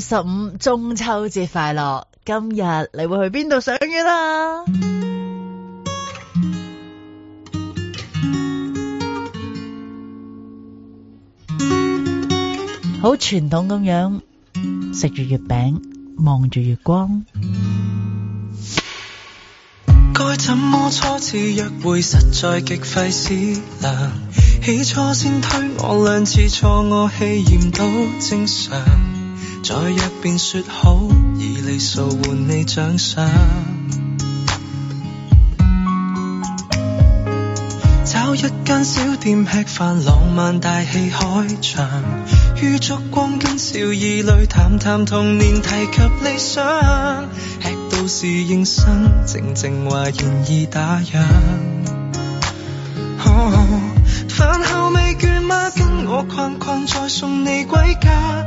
十五中秋節快樂！今日你會去邊度賞月啦？好傳統咁樣，食住月餅，望住月光。 該怎麼初次約會，實在極費思量。起初先推我兩次，錯我氣焰都正常。再約便說好，以里數換你獎賞。找一間小店吃飯，浪漫大戲開場，於燭光跟笑意裏談談童年，提及理想。吃到侍應生，靜靜話現已打烊、oh,。飯後未倦嗎？跟我逛逛，再送你歸家。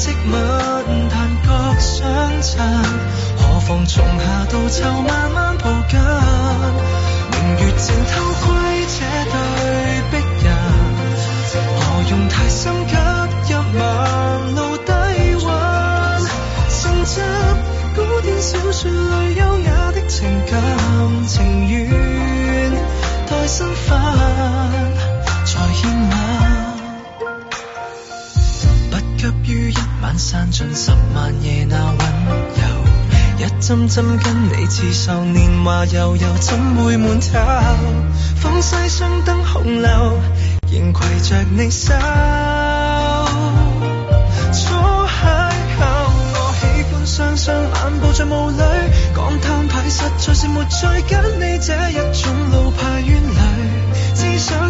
即吻，但覺相襯。何妨從夏到秋，慢慢抱緊。明月正偷窺這對璧人，何用太心急路？一晚露低溫，承襲古典小說裏優雅的情感，情願太生分。晚山盡十萬夜那溫柔，一針針跟你刺繡，年華悠悠怎會悶透？訪西廂登紅樓，仍携着你手。初邂逅，我喜歡雙雙漫步在霧裏，港攤牌實在是沒趣，跟你這一種老派鴛侶，只想。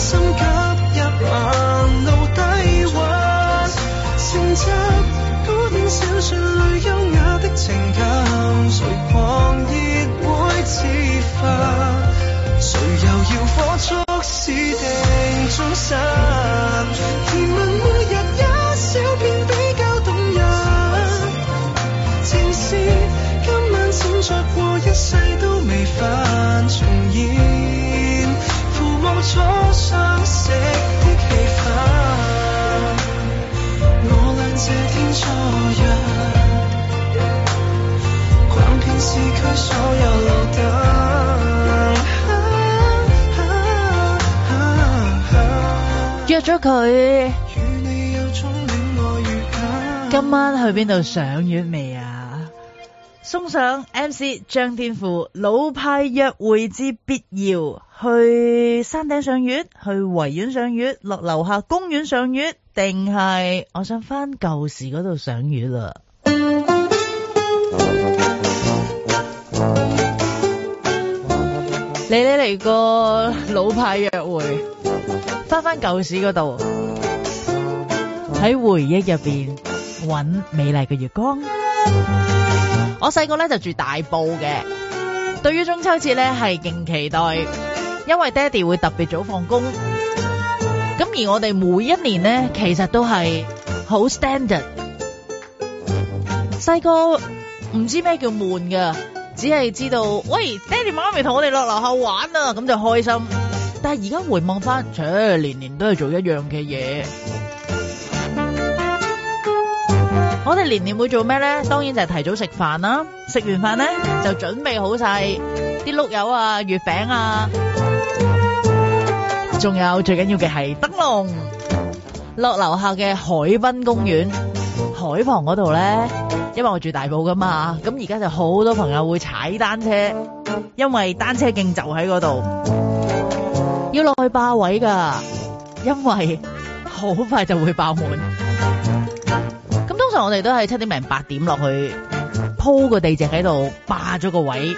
心急一晚露底蘊，承襲古典小說裏優雅的情感，誰狂熱會自焚，誰又要火速私定終身。甜蜜每日一小片比較動人，情詩今晚淺酌過，一世都微醺重演，父母初。約咗佢，今晚去邊度賞月未啊？送上 MC 張天賦老派約會之必要，去山頂賞月，去維園賞月，落樓下公園賞月，定係我想翻舊時嗰度賞月啦。你你嚟個老派約會，翻翻舊時嗰度，喺回憶入邊搵美麗嘅月光。我細個咧就住大埔嘅，對於中秋節咧係勁期待，因為爹哋會特別早放工。咁而我哋每一年咧其實都係好 standard。細個唔知咩叫悶噶，只係知道喂爹哋媽咪同我哋落樓下玩啊，咁就開心。但係而家回望翻，切年年都係做一樣嘅嘢。我哋年年會做咩咧？當然就係提早食飯啦。食完飯咧就準備好晒啲碌柚啊、月餅啊，仲有最緊要嘅係燈籠。落樓下嘅海濱公園海旁嗰度咧，因為我住大埔噶嘛。咁而家就好多朋友會踩單車，因為單車徑就喺嗰度，要落去霸位噶，因為好快就會爆滿。我哋都係七點零八點落去鋪個地席喺度，霸咗個位。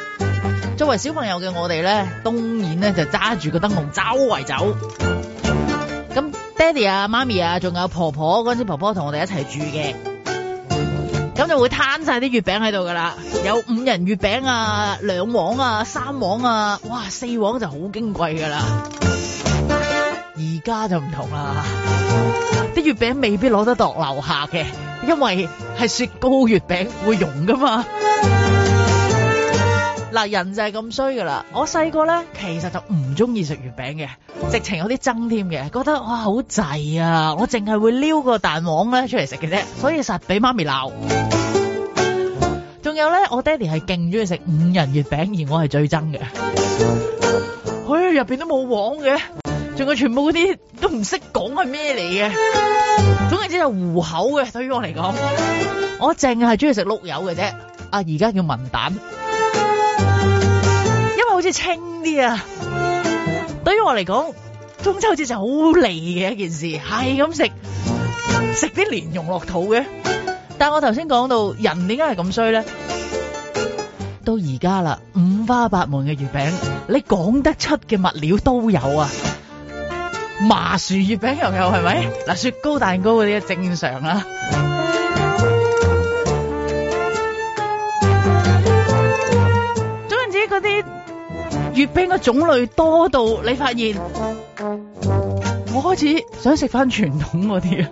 作為小朋友嘅我哋咧，當然咧就揸住個燈籠周圍走。咁爹哋啊、媽咪啊，仲有婆婆嗰陣時，婆婆同我哋一齊住嘅，咁就會攤晒啲月餅喺度噶啦。有五仁月餅啊、兩黃啊、三黃啊，哇，四黃就好矜貴噶啦。而家就唔同啦，啲月餅未必攞得落樓下嘅，因為係雪糕月餅會溶噶嘛。嗱，人就係咁衰噶啦。我細個咧其實就唔中意食月餅嘅，直情有啲憎添嘅，覺得哇好滯啊！我淨係會撩個蛋黃咧出嚟食嘅啫，所以實俾媽咪鬧。仲有咧，我爹哋係勁中意食五仁月餅，而我係最憎嘅，佢、哎、入面都冇黃嘅。我全部嗰啲都唔識講係咩嚟嘅，總之就糊口嘅。對於我嚟講，我淨係中意食碌柚嘅啫。啊，而家叫文蛋，因為好似清啲啊。對於我嚟講，中秋節就好膩嘅一件事，係咁食食啲蓮蓉落肚嘅。但係我頭先講到人點解係咁衰咧？到而家啦，五花八門嘅月餅，你講得出嘅物料都有啊！麻薯月餅又有係咪？嗱雪糕蛋糕嗰啲正常啦。總言之，嗰啲月餅嘅種類多到你發現，我開始想食翻傳統嗰啲啊！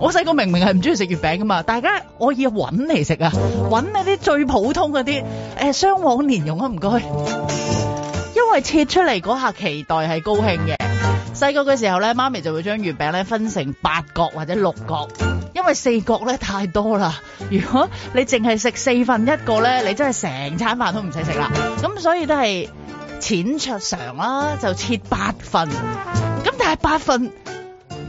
我細個明明係唔中意食月餅㗎嘛，大家我要揾嚟食啊！揾嗰啲最普通嗰啲，誒雙黃蓮蓉啊，唔該。因為切出嚟嗰下期待係高興嘅。細個嘅時候咧，媽咪就會將月餅咧分成八角或者六角，因為四角咧太多啦，如果你淨係食四份一個咧，你真係成餐飯都唔使食啦。咁所以都係淺桌常啦，就切八份。咁但係八份，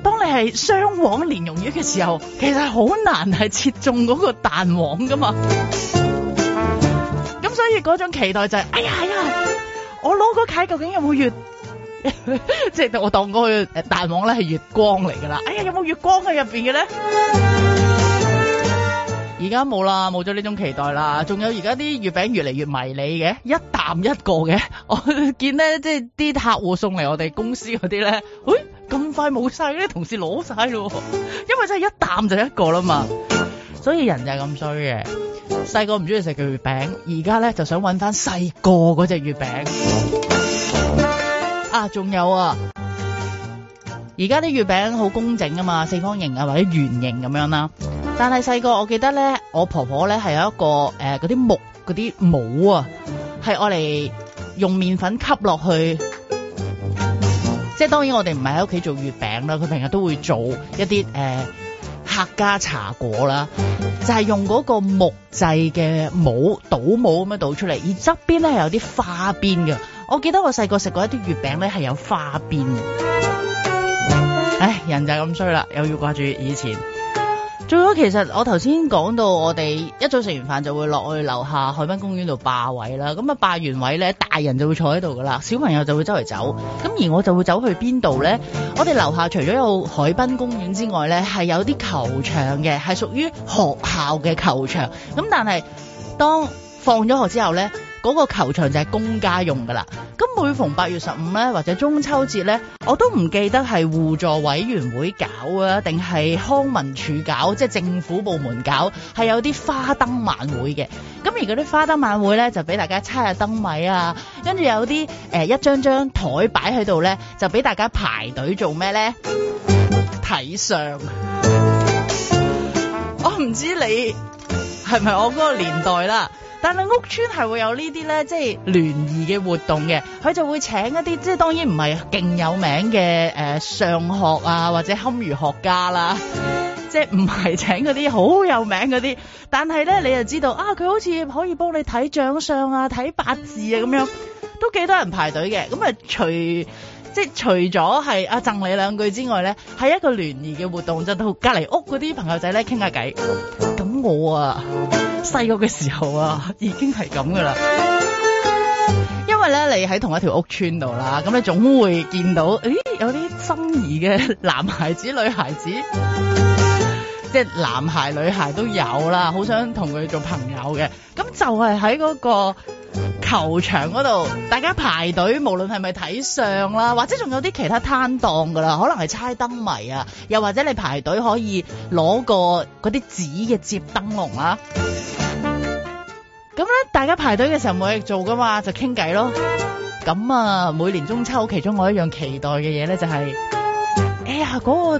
當你係雙黃蓮蓉月嘅時候，其實好難係切中嗰個蛋黃噶嘛。咁所以嗰種期待就係、是，哎呀，哎呀。我攞嗰塊究竟有冇月，即 係我當嗰個誒蛋黃咧係月光嚟噶啦。哎呀，有冇月光喺入邊嘅咧？而家冇啦，冇咗呢種期待啦。仲有而家啲月餅越嚟越迷你嘅，一啖一個嘅。我見咧即係啲客戶送嚟我哋公司嗰啲咧，誒咁快冇晒，啲同事攞晒咯， 因為真係一啖就一個啦嘛。所以人就係咁衰嘅。細個唔中意食嘅月餅，而家咧就想搵翻細個嗰隻月餅。啊，仲有，啊，而家啲月餅好工整啊嘛，四方形啊或者圓形咁樣啦。但係細個我記得咧，我婆婆咧係有一個嗰啲、呃、木嗰啲模啊，係我嚟用麵粉吸落去。即、就、係、是、當然我哋唔係喺屋企做月餅啦，佢平日都會做一啲客家茶果啦，就係、是、用嗰個木製嘅模倒模咁樣倒出嚟，而側邊咧有啲花邊嘅。我記得我細個食過一啲月餅咧係有花邊。唉，人就係咁衰啦，又要掛住以前。仲有，其實我頭先講到，我哋一早食完飯就會落去樓下海濱公園度霸位啦。咁啊，霸完位呢，大人就會坐喺度㗎喇，小朋友就會周圍走。咁而我就會走去邊度呢？我哋樓下除咗有海濱公園之外呢，係有啲球場嘅，係屬於學校嘅球場。咁但係當放咗學之後呢。嗰個球場就係公家用噶啦，咁每逢八月十五咧，或者中秋節咧，我都唔記得係互助委員會搞啊，定係康文署搞，即係政府部門搞，係有啲花燈晚會嘅。咁而嗰啲花燈晚會咧，就俾大家猜下燈謎啊，跟住有啲誒一張張台擺喺度咧，就俾大家排隊做咩咧？睇相。我唔知你係咪我嗰個年代啦。但係屋村係會有呢啲咧，即係聯誼嘅活動嘅，佢就會請一啲即係當然唔係勁有名嘅誒上學啊，或者堪輿學家啦，即係唔係請嗰啲好有名嗰啲，但係咧你又知道啊，佢好似可以幫你睇掌相啊，睇八字啊咁樣，都幾多人排隊嘅。咁啊，除即係除咗係啊贈你兩句之外咧，係一個聯誼嘅活動，就到隔離屋嗰啲朋友仔咧，傾下偈。咁冇啊，細個嘅時候啊，已經係咁噶啦。因為咧，你喺同一條屋村度啦，咁你總會見到，誒，有啲心儀嘅男孩子、女孩子，即係男孩、女孩都有啦，好想同佢做朋友嘅。咁就係喺嗰個。球場嗰度，大家排隊，無論係咪睇相啦，或者仲有啲其他攤檔噶啦，可能係猜燈謎啊，又或者你排隊可以攞個嗰啲紙嘅接燈籠啦。咁咧，大家排隊嘅時候冇嘢做噶嘛，就傾偈咯。咁啊，每年中秋其中我一樣期待嘅嘢咧，就係、是、哎呀，嗰、那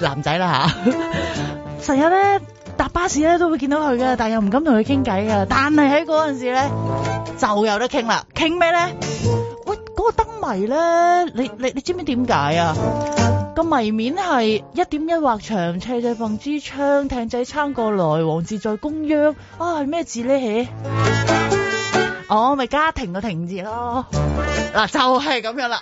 個男仔啦吓，成日咧。常常搭巴士咧都會見到佢㗎，但又唔敢同佢傾偈㗎。但係喺嗰陣時咧就有得傾啦，傾咩咧？喂，嗰、那個燈謎咧，你你你知唔知點解啊？個謎、嗯、面係一點一畫長斜斜放支槍，艇仔撐過來，王字在公央啊，係咩字咧？起、嗯？哦、咪、就是、家庭嘅庭字咯，嗱、啊、就係、是、咁樣啦。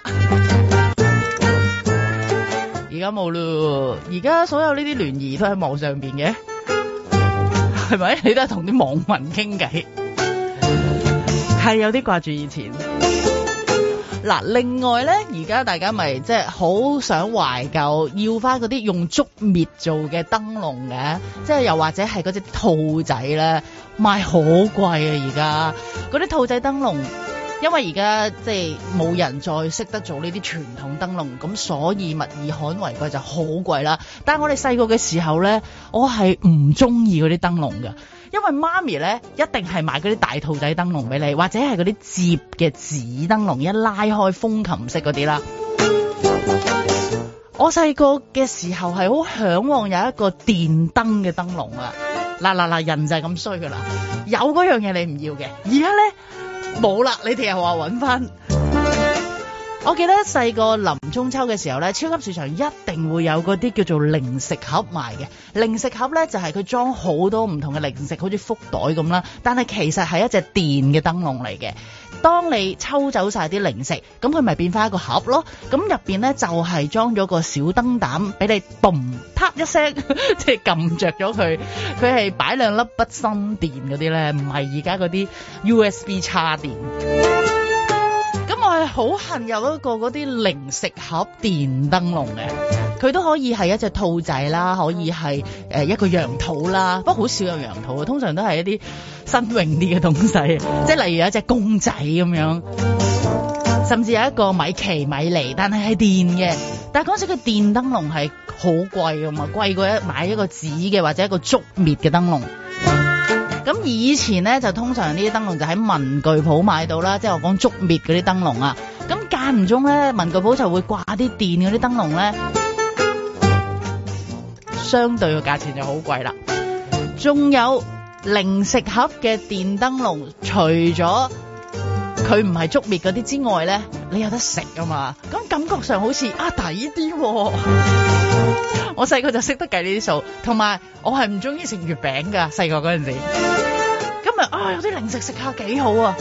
而家冇咯，而家所有呢啲聯誼都喺網上邊嘅。係咪？你都係同啲網民傾偈，係 有啲掛住以前。嗱，另外咧，而家大家咪即係好想懷舊，要翻嗰啲用竹篾做嘅燈籠嘅，即係又或者係嗰隻兔仔咧，賣好貴啊！而家嗰啲兔仔燈籠。因為而家即係冇人再識得做呢啲傳統燈籠，咁所以物以罕為貴就好貴啦。但係我哋細個嘅時候咧，我係唔中意嗰啲燈籠㗎，因為媽咪咧一定係買嗰啲大兔仔燈籠俾你，或者係嗰啲折嘅紙燈籠，一拉開風琴式嗰啲啦。我細個嘅時候係好向往有一個電燈嘅燈籠啊！嗱嗱嗱，人就係咁衰噶啦，有嗰樣嘢你唔要嘅，而家咧。冇啦！你哋又話揾翻？我記得細個臨中秋嘅時候呢，超級市場一定會有嗰啲叫做零食盒賣嘅。零食盒呢，就係佢裝好多唔同嘅零食，好似福袋咁啦。但係其實係一隻電嘅燈籠嚟嘅。當你抽走晒啲零食，咁佢咪變翻一個盒咯？咁入邊呢，就係裝咗個小燈膽俾你，嘣啪一聲，即係撳着咗佢。佢係擺兩粒筆芯電嗰啲呢，唔係而家嗰啲 USB 叉電。咁我係好恨有一個嗰啲零食盒電燈籠嘅，佢都可以係一隻兔仔啦，可以係誒一個羊肚啦，不過好少有羊肚，通常都係一啲。新穎啲嘅東西，即係例如有一隻公仔咁樣，甚至有一個米奇米妮，但係係電嘅。但係嗰陣時嘅電燈籠係好貴嘅，嘛貴過一買一個紙嘅或者一個竹篾嘅燈籠。咁以前咧就通常呢啲燈籠就喺文具鋪買到啦，即係我講竹篾嗰啲燈籠啊。咁間唔中咧文具鋪就會掛啲電嗰啲燈籠咧，相對嘅價錢就好貴啦。仲有。零食盒嘅電燈籠，除咗佢唔係觸滅嗰啲之外咧，你有得食啊嘛？咁感覺上好似啊抵啲、啊。我細個就識得計呢啲數，同埋我係唔中意食月餅噶。細個嗰陣時，今日啊有啲零食食下幾好啊！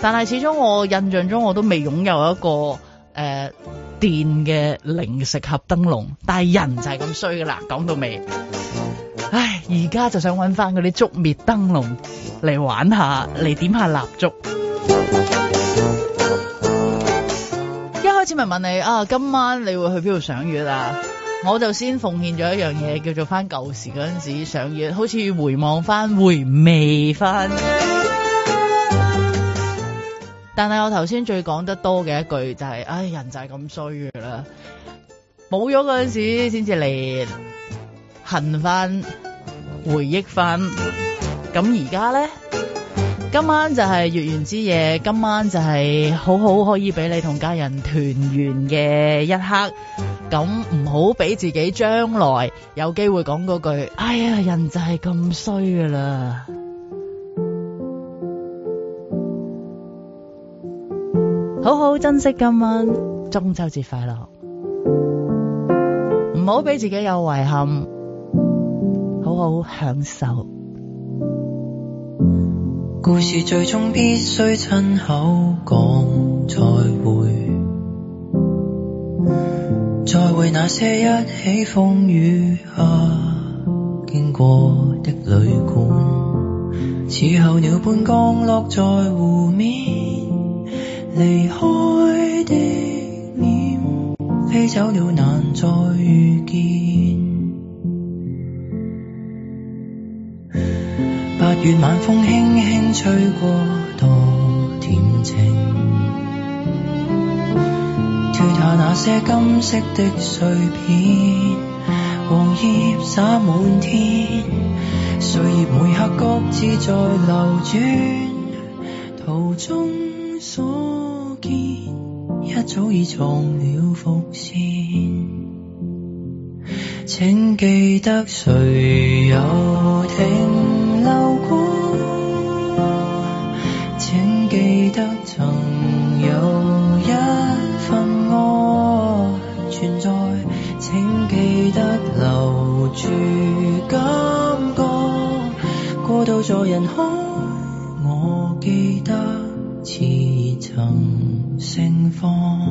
但係始終我印象中我都未擁有一個誒、呃、電嘅零食盒燈籠。但係人就係咁衰噶啦，講到尾。唉，而家就想揾翻嗰啲竹篾燈籠嚟玩下，嚟點下蠟燭。一開始咪問你啊，今晚你會去邊度賞月啊？我就先奉獻咗一樣嘢，叫做翻舊時嗰陣時賞月，好似回望翻、回味翻。 但係我頭先最講得多嘅一句就係、是，唉、哎，人就係咁衰嘅啦，冇咗嗰陣時先至嚟。恨翻回憶翻，咁而家咧，今晚就係月圓之夜，今晚就係好好可以俾你同家人團圓嘅一刻，咁唔好俾自己將來有機會講嗰句，哎呀人就係咁衰噶啦，好好珍惜今晚，中秋節快樂，唔好俾自己有遺憾。好好享受。故事最終必須親口講再會，再會那些一起風雨下，啊、經過的旅館，似候鳥般降落在湖面，離開的念，飛走了難再遇見。八月晚風輕輕吹過，多恬靜。脱下那些金色的碎片，黃葉灑滿天。歲月每刻各自在流轉，途中所見，一早已藏了伏線。請記得誰有聽？到途在人海，我記得似曾盛放。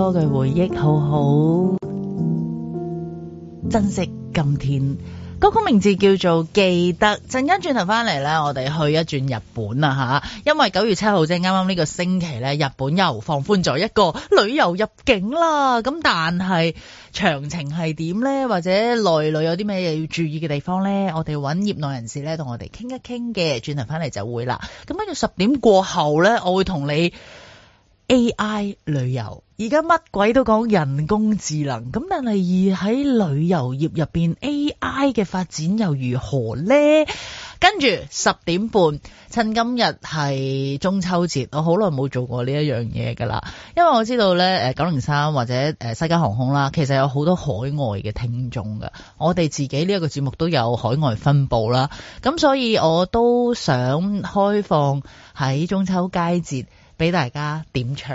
多嘅回憶，好好珍惜今天。歌曲名字叫做《記得》。陣間轉頭翻嚟呢，我哋去一轉日本啊吓，因為九月七號即係，啱啱呢個星期呢，日本又放寬咗一個旅遊入境啦。咁但係詳情係點呢？或者內裡有啲咩要注意嘅地方呢？我哋揾業內人士呢，同我哋傾一傾嘅。轉頭翻嚟就會啦。咁跟住十點過後呢，我會同你。A.I. 旅遊，而家乜鬼都講人工智能咁，但係而喺旅遊業入面 A.I. 嘅發展又如何呢？跟住十點半，趁今日係中秋節，我好耐冇做過呢一樣嘢噶啦，因為我知道呢，九零三或者誒西加航空啦，其實有好多海外嘅聽眾噶，我哋自己呢一個節目都有海外分佈啦，咁所以我都想開放喺中秋佳節。俾大家點唱，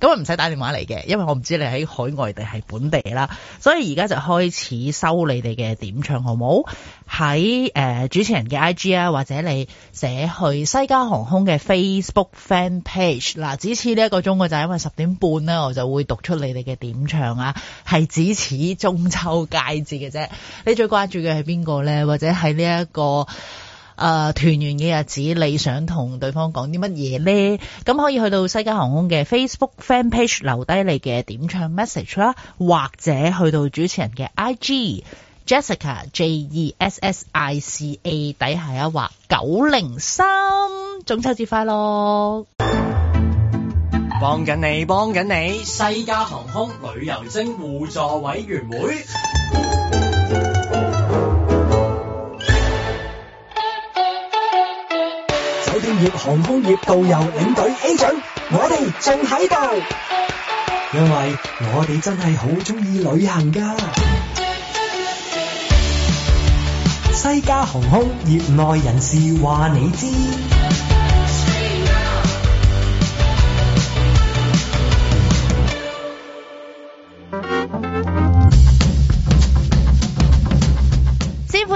咁啊唔使打電話嚟嘅，因為我唔知你喺海外定係本地啦，所以而家就開始收你哋嘅點唱好冇？喺、呃、主持人嘅 IG 啊，或者你寫去西加航空嘅 Facebook fan page、啊。嗱，只此呢一個鐘嘅就係、是、因為十點半呢，我就會讀出你哋嘅點唱啊，係只此中秋佳節嘅啫。你最關注嘅係邊個呢？或者係呢一個？誒，團圓嘅日子，你想同對方講啲乜嘢呢？咁可以去到西加航空嘅 Facebook fan page 留低你嘅點唱 message 啦，或者去到主持人嘅 IG Jessica J E S S I C A 底下一畫九零三，中秋節快樂！幫緊你，幫緊你，西加航空旅遊精互助委員會。專業航空業導遊領隊 A 准我哋仲喺度，因為我哋真係好中意旅行噶。西加航空業內人士話你知。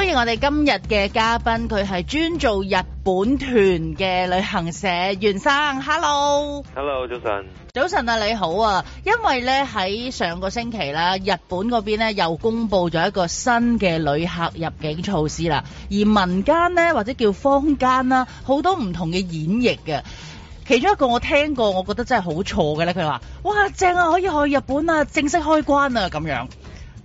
歡迎我哋今日嘅嘉賓，佢係專做日本團嘅旅行社袁生，Hello，Hello，Hello, 早晨，早晨啊，你好啊，因為呢，喺上個星期啦，日本嗰邊呢又公佈咗一個新嘅旅客入境措施啦，而民間呢，或者叫坊間啦、啊，好多唔同嘅演繹嘅，其中一個我聽過，我覺得真係好錯嘅咧，佢話哇正啊，可以去日本啊，正式開關啊咁樣。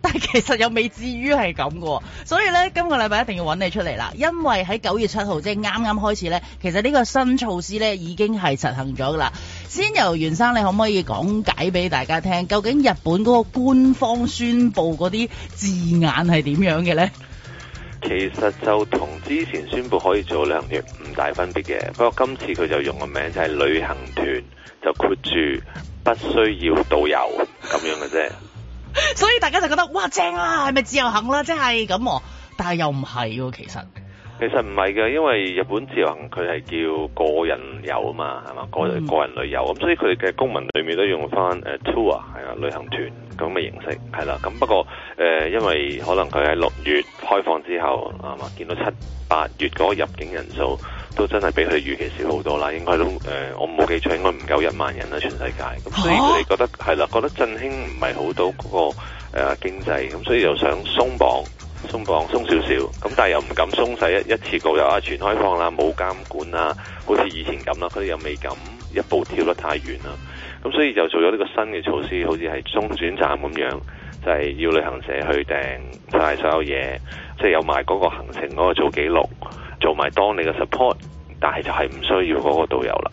但其實又未至於係咁嘅，所以咧今個禮拜一定要揾你出嚟啦。因為喺九月七號即係啱啱開始咧，其實呢個新措施咧已經係實行咗噶啦。先由袁生，你可唔可以講解俾大家聽，究竟日本嗰個官方宣布嗰啲字眼係點樣嘅咧？其實就同之前宣布可以做旅行團唔大分別嘅，不過今次佢就用個名就係旅行團，就括住不需要導遊咁樣嘅啫。所以大家就覺得哇正啊，係咪自由行啦、啊？即係咁，但係又唔係喎，其實。其實唔係嘅，因為日本自由行佢係叫個人遊啊嘛，係嘛，個個人旅遊咁，所以佢哋嘅公民裡面都用返誒 tour 係啊，旅行團咁嘅形式係啦。咁不過誒、呃，因為可能佢喺六月開放之後啊嘛，見到七八月嗰入境人數。都真係比佢預期少好多啦，應該都誒、呃，我冇記錯，應該唔夠一萬人啦，全世界。咁所以佢哋覺得係啦、啊，覺得振興唔係好到嗰個、呃、經濟，咁所以想鬆鬆鬆點點又想鬆綁、鬆綁、鬆少少，咁但係又唔敢鬆晒一一次過又啊全開放啦、冇監管啦，好似以前咁啦，佢哋又未敢一步跳得太遠啦，咁所以就做咗呢個新嘅措施，好似係中轉站咁樣，就係、是、要旅行社去訂曬所有嘢，即、就、係、是、有埋嗰個行程嗰、那個做記錄。做埋當地嘅 support，但係就係唔需要嗰個導遊啦。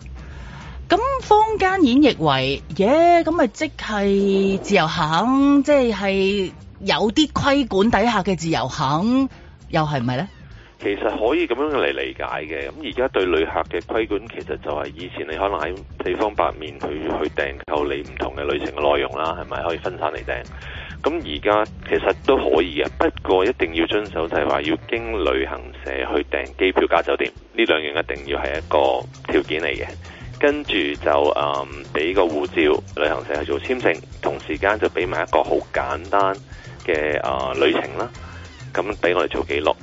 咁坊間演繹為，耶，咁咪即係自由行，即係有啲規管底下嘅自由行，又係唔係咧？其實可以咁樣嚟理解嘅。咁而家對旅客嘅規管，其實就係以前你可能喺四方八面去去訂購你唔同嘅旅程嘅內容啦，係咪可以分散嚟訂？咁而家其實都可以嘅，不過一定要遵守就係話要經旅行社去訂機票加酒店，呢兩樣一定要係一個條件嚟嘅。跟住就誒俾、嗯、個護照，旅行社去做簽證，同時間就俾埋一個好簡單嘅、呃、旅程啦。咁俾我哋做記錄。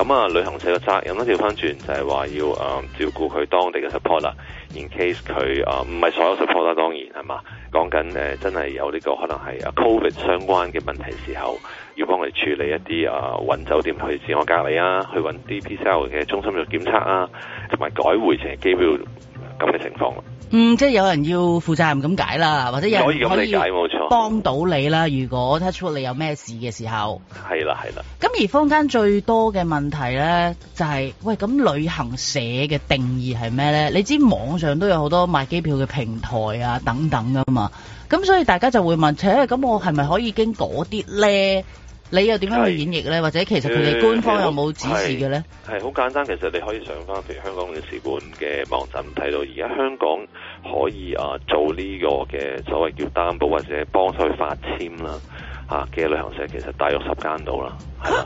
咁啊，旅行社嘅責任咧，調翻轉就係話要啊照顧佢當地嘅 support 啦，in case 佢啊唔係所有 support 啦，當然係嘛，講緊誒真係有呢個可能係啊 covid 相關嘅問題時候，要幫佢處理一啲啊揾酒店去自我隔離啊，去揾 PCR 嘅中心做檢測啊，同埋改回程機票咁嘅情況嗯，即係有人要負責任咁解啦，或者有人可以幫到你啦。可以咁理解，冇錯。如果 touch wood 你有咩事嘅時候，係啦係啦。咁而坊間最多嘅問題咧，就係、是、喂咁旅行社嘅定義係咩咧？你知網上都有好多賣機票嘅平台啊，等等噶嘛。咁所以大家就會問：，且、哎、咁我係咪可以經嗰啲咧？你又點樣去演繹咧？是或者其實佢哋官方有冇指示嘅咧？係好簡單，其實你可以上翻，譬如香港嘅使館嘅網站睇到，而家香港可以啊做呢個嘅所謂叫擔保或者幫佢發簽啦，啊嘅旅行社其實大約十間到啦。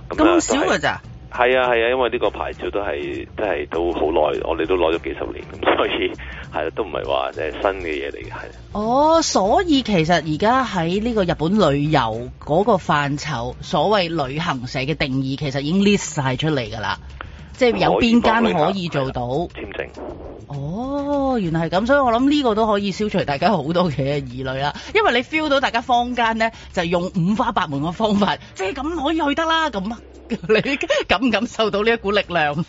咁咦、就係、少㗎、啊、咋？係啊，係啊，因為呢個牌照都係，都係都好耐，我哋都攞咗幾十年，咁所以係、啊、都唔係話誒新嘅嘢嚟嘅，係、啊。哦，所以其實而家喺呢個日本旅遊嗰個範疇，所謂旅行社嘅定義，其實已經 list 曬出嚟㗎啦。即係有邊間可以做到簽證哦，原來係咁，所以我諗，呢個都可以消除大家好多嘅疑慮啦。因為你 feel 到大家坊間咧，就係用五花八門嘅方法，即係咁可以去得啦。咁啊，你感唔感受到呢一股力量？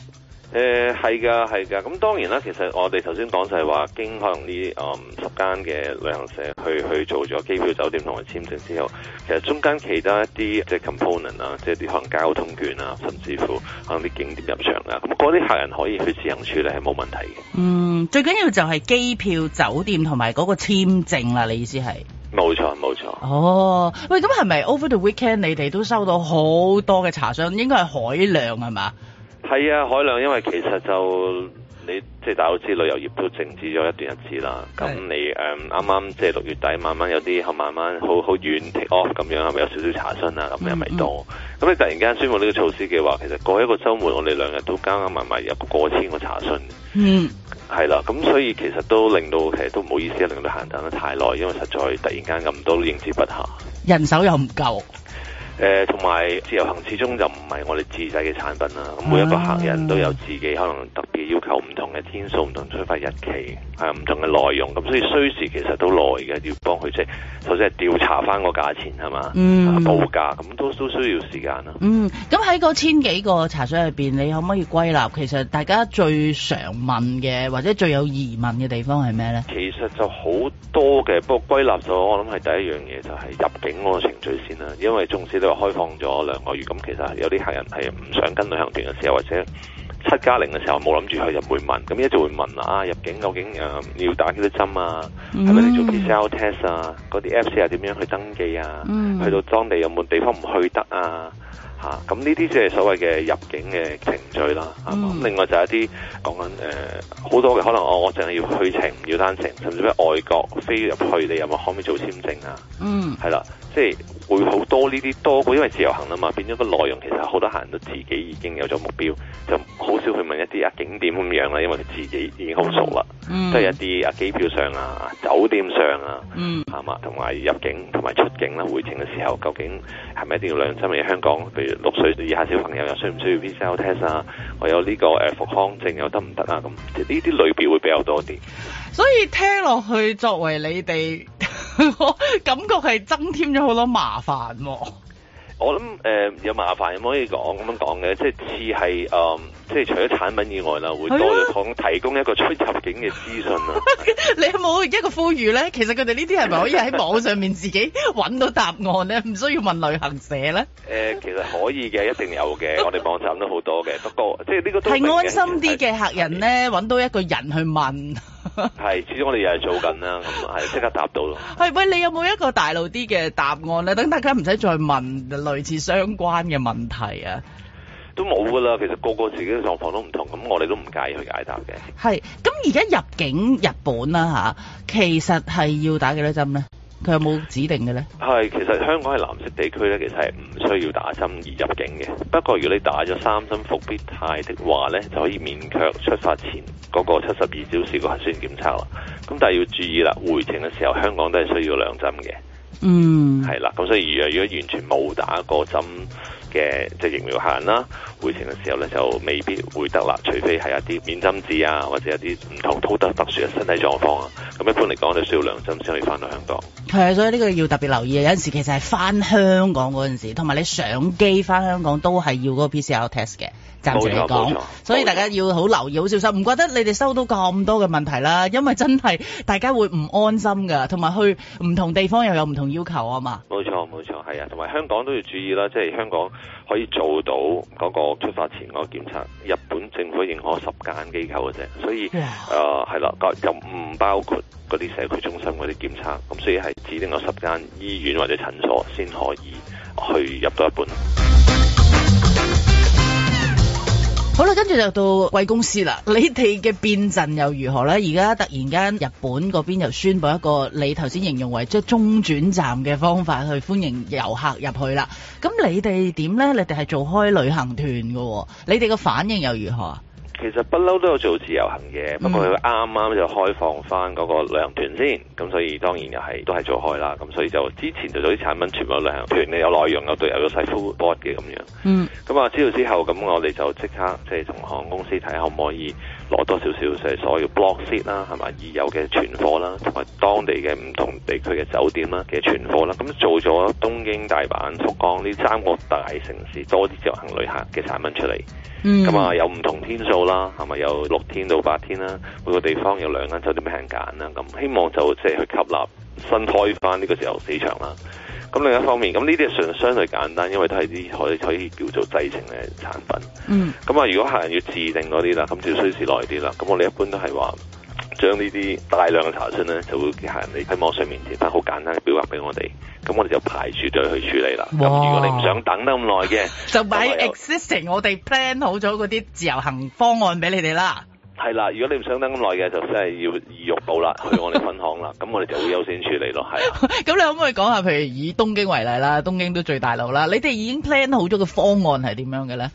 誒係噶係噶，咁、嗯嗯、當然啦。其實我哋頭先講晒話，經可能呢誒、嗯、十間嘅旅行社去去做咗機票、酒店同埋簽證之後，其實中間其他一啲即係 component 啊，即係啲可能交通券啊，甚至乎可能啲景點入場啊，咁嗰啲客人可以去自行處理係冇問題嘅。嗯，最緊要就係機票、酒店同埋嗰個簽證啦。你意思係？冇錯，冇錯。哦，喂，咁係咪 Over the Weekend？你哋都收到好多嘅查詢，應該係海量係嘛？係啊，海亮，因為其實就你即係大家知旅遊業都靜止咗一段日子啦。咁是你誒啱啱即係六月底慢慢有啲，後慢慢好好遠 take off 咁樣，係咪有少少查詢啊？咁又咪多？咁、嗯、你突然間宣布呢個措施嘅話，其實過一個週末，我哋兩日都加加埋埋有個過千個查詢。嗯，係啦，咁所以其實都令到其實都唔好意思，令到閒等得太耐，因為實在突然間咁多都應接不暇，人手又唔夠。誒同埋自由行始終就唔係我哋自製嘅產品啦，每一個客人都有自己可能特別要求唔同嘅天數、唔、啊、同出發日期、係、啊、唔同嘅內容，咁所以需時其實都耐嘅，要幫佢即係首先係調查翻個價錢係嘛，嗯啊，報價，咁都都需要時間啦。嗯，咁喺嗰千幾個查詢入邊，你可唔可以歸納其實大家最常問嘅或者最有疑問嘅地方係咩呢？其實就好多嘅，不過歸納咗我諗係第一樣嘢就係，是、入境嗰個程序先啦，因為縱使又開放咗兩個月，咁其實有啲客人係唔想跟旅行團嘅時候，或者七加零嘅時候冇諗住去，就會問，咁一直會問啊！入境究竟誒、啊、要打幾多針啊？係咪要做 PCR test 啊？嗰啲 apps 啊點樣去登記啊？Mm hmm. 去到當地有冇地方唔去得啊？嚇、啊！咁呢啲即係所謂嘅入境嘅程序啦。Mm hmm. 係另外就係一啲講緊誒好多嘅，可能、哦、我我淨係要去程，唔要單程，甚至於外國飛入去，你有冇可唔可以做簽證啊？嗯、mm，係、hmm. 啦。即係會好多呢啲多過，因為自由行啊嘛，變咗個內容其實好多客人都自己已經有咗目標，就好少去問一啲啊景點咁樣啦，因為佢自己已經好熟啦。即、嗯、都係一啲啊機票上啊、酒店上啊，嗯，係嘛，同埋入境同埋出境啦，回程嘅時候，究竟係咪一定要兩針？例如香港，譬如六歲以下小朋友又需唔需要 PCR test 啊？我有呢、這個誒復康證又得唔得啊？咁呢啲類別會比較多啲。所以聽落去，作為你哋，我感覺係增添咗好多麻煩。我諗誒、呃，有麻煩可以講咁樣講嘅，即係似係誒，即係除咗產品以外啦，會多咗講提供一個出入境嘅資訊啊。是你有冇一個呼籲咧？其實佢哋呢啲係咪可以喺網上面自己搵到答案咧？唔需要問旅行社咧？誒、呃，其實可以嘅，一定有嘅，我哋網站很的都好多嘅。不過即係呢個係安心啲嘅客人咧，搵到一個人去問。係， 始終我哋又係做緊啦，咁係即刻答到咯。係，喂，你有冇一個大路啲嘅答案咧？等大家唔使再問類似相關嘅問題啊。都冇噶啦，其實個個自己嘅狀況都唔同，咁我哋都唔介意去解答嘅。係，咁而家入境日本啦吓，其實係要打幾多針咧？佢有冇指定嘅呢？係，其實香港係藍色地區咧，其實係唔需要打針而入境嘅。不過，如果你打咗三針復必泰的話呢，就可以免卻出發前嗰個七十二小時個核酸檢測啦。咁但係要注意啦，回程嘅時候香港都係需要兩針嘅。嗯。係啦，咁所以如果完全冇打過針，嘅即係疫苗限啦、啊，回程嘅時候咧就未必會得啦，除非係一啲免針紙啊，或者有啲唔同突突特殊嘅身體狀況啊，咁一般嚟講都需要兩針先可以翻到香港。係啊，所以呢個要特別留意啊！有陣時其實係翻香港嗰陣時，同埋你上機翻香港都係要個 PCR test 嘅。所以大家要好留意、錯好小心。唔覺得你哋收到咁多嘅問題啦，因為真係大家會唔安心嘅，同埋去唔同地方又有唔同要求啊嘛。冇錯，冇錯，係啊，同埋香港都要注意啦。即係香港可以做到嗰個出發前嗰個檢查，日本政府認可十間機構嘅啫，所以誒，係啦唉、呃，就唔包括嗰啲社區中心嗰啲檢測，咁所以係指定個十間醫院或者診所先可以去入到一半。好啦，跟住就到貴公司啦。你哋嘅變陣又如何咧？而家突然間日本嗰邊又宣布一個，你頭先形容為即係中轉站嘅方法去歡迎遊客入去啦。咁你哋點咧？你哋係做開旅行團嘅喎，你哋嘅反應又如何啊？其實不嬲都有做自由行嘅，mm. 不過佢啱啱就開放翻嗰個旅行團先，咁所以當然又係都係做開啦，咁所以就之前就做啲產品全部旅行團，你有內容，有導遊，有細 full board 嘅咁樣。嗯，咁啊知道之後，咁我哋就即刻即係、就是、同航空公司睇下可唔可以。攞多少少即係所有 block seat 啦，係咪已有嘅存貨啦，同埋當地嘅唔同地區嘅酒店啦嘅存貨啦，咁做咗東京、大阪、福岡呢三個大城市多啲自由行旅客嘅產品出嚟，咁啊、嗯、有唔同天數啦，係咪有六天到八天啦？每個地方有兩間酒店俾人揀啦，咁希望就即係去吸納新開翻呢個自由市場啦。咁另一方面，咁呢啲係相相對簡單，因為都係啲可以可以叫做製成嘅產品。嗯。咁啊，如果客人要自定嗰啲啦，咁就要需時耐啲啦。咁我哋一般都係話將呢啲大量嘅查詢咧，就會客人你喺網上面填翻好簡單嘅表格俾我哋，咁我哋就排住隊去處理啦。咁哇如果你唔想等得咁耐嘅，就買 existing 我哋 plan 好咗嗰啲自由行方案俾你哋啦。係啦，如果你唔想等咁耐嘅，就真係要預約到啦，去我哋分行啦。咁 我哋就會優先處理咯。係，咁 你可唔可以講下，譬如以東京為例啦，東京都最大路啦。你哋已經 plan 好咗個方案係點樣嘅咧？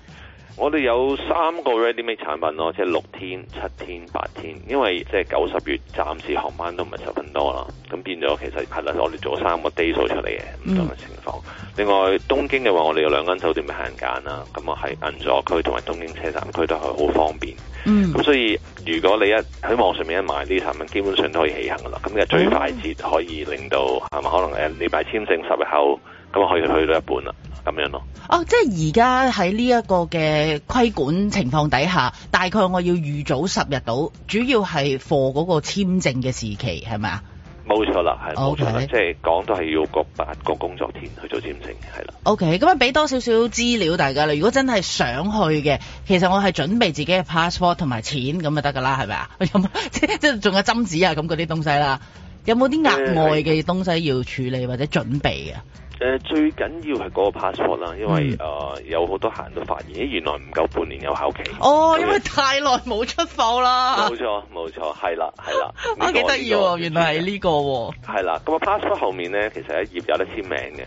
我哋有三個 ready made 產品咯，即係六天、七天、八天，因為即係九十月暫時航班都唔係十分多啦，咁變咗其實係啦，我哋做咗三個 day 數出嚟嘅唔同嘅情況。嗯另外東京嘅話，我哋有兩間酒店嘅限間啦，咁我係銀座區同埋東京車站區都係好方便。嗯，咁所以如果你一喺網上面一買呢啲產品，基本上都可以起行噶啦。咁嘅最快捷可以令到係咪、嗯、可能誒禮拜簽證十日後，咁可以去到一半啦。咁樣咯。哦，即係而家喺呢一個嘅規管情況底下，大概我要預早十日到，主要係貨嗰個簽證嘅時期係咪啊？是冇錯啦，係冇錯啦，Okay. 即係講都係要個八個工作天去做簽證，係啦。OK，咁樣，俾、okay，多少少資料大家啦。如果真係想去嘅，其實我係準備自己嘅 passport 同埋錢咁就得㗎啦，係咪啊？有冇即即係仲有針紙啊？咁嗰啲東西啦，有冇啲額外嘅東西要處理或者準備啊？嗯誒最緊要係嗰個 passport 啦，因為誒、嗯呃、有好多客人都發現，咦，原來唔夠半年有效期。哦，後因為太耐冇出埠啦。冇錯，冇錯，係啦，係啦。這個、我幾得意喎，這原來係呢個、哦。係啦，咁啊 passport 後面咧，其實一頁有得簽名嘅。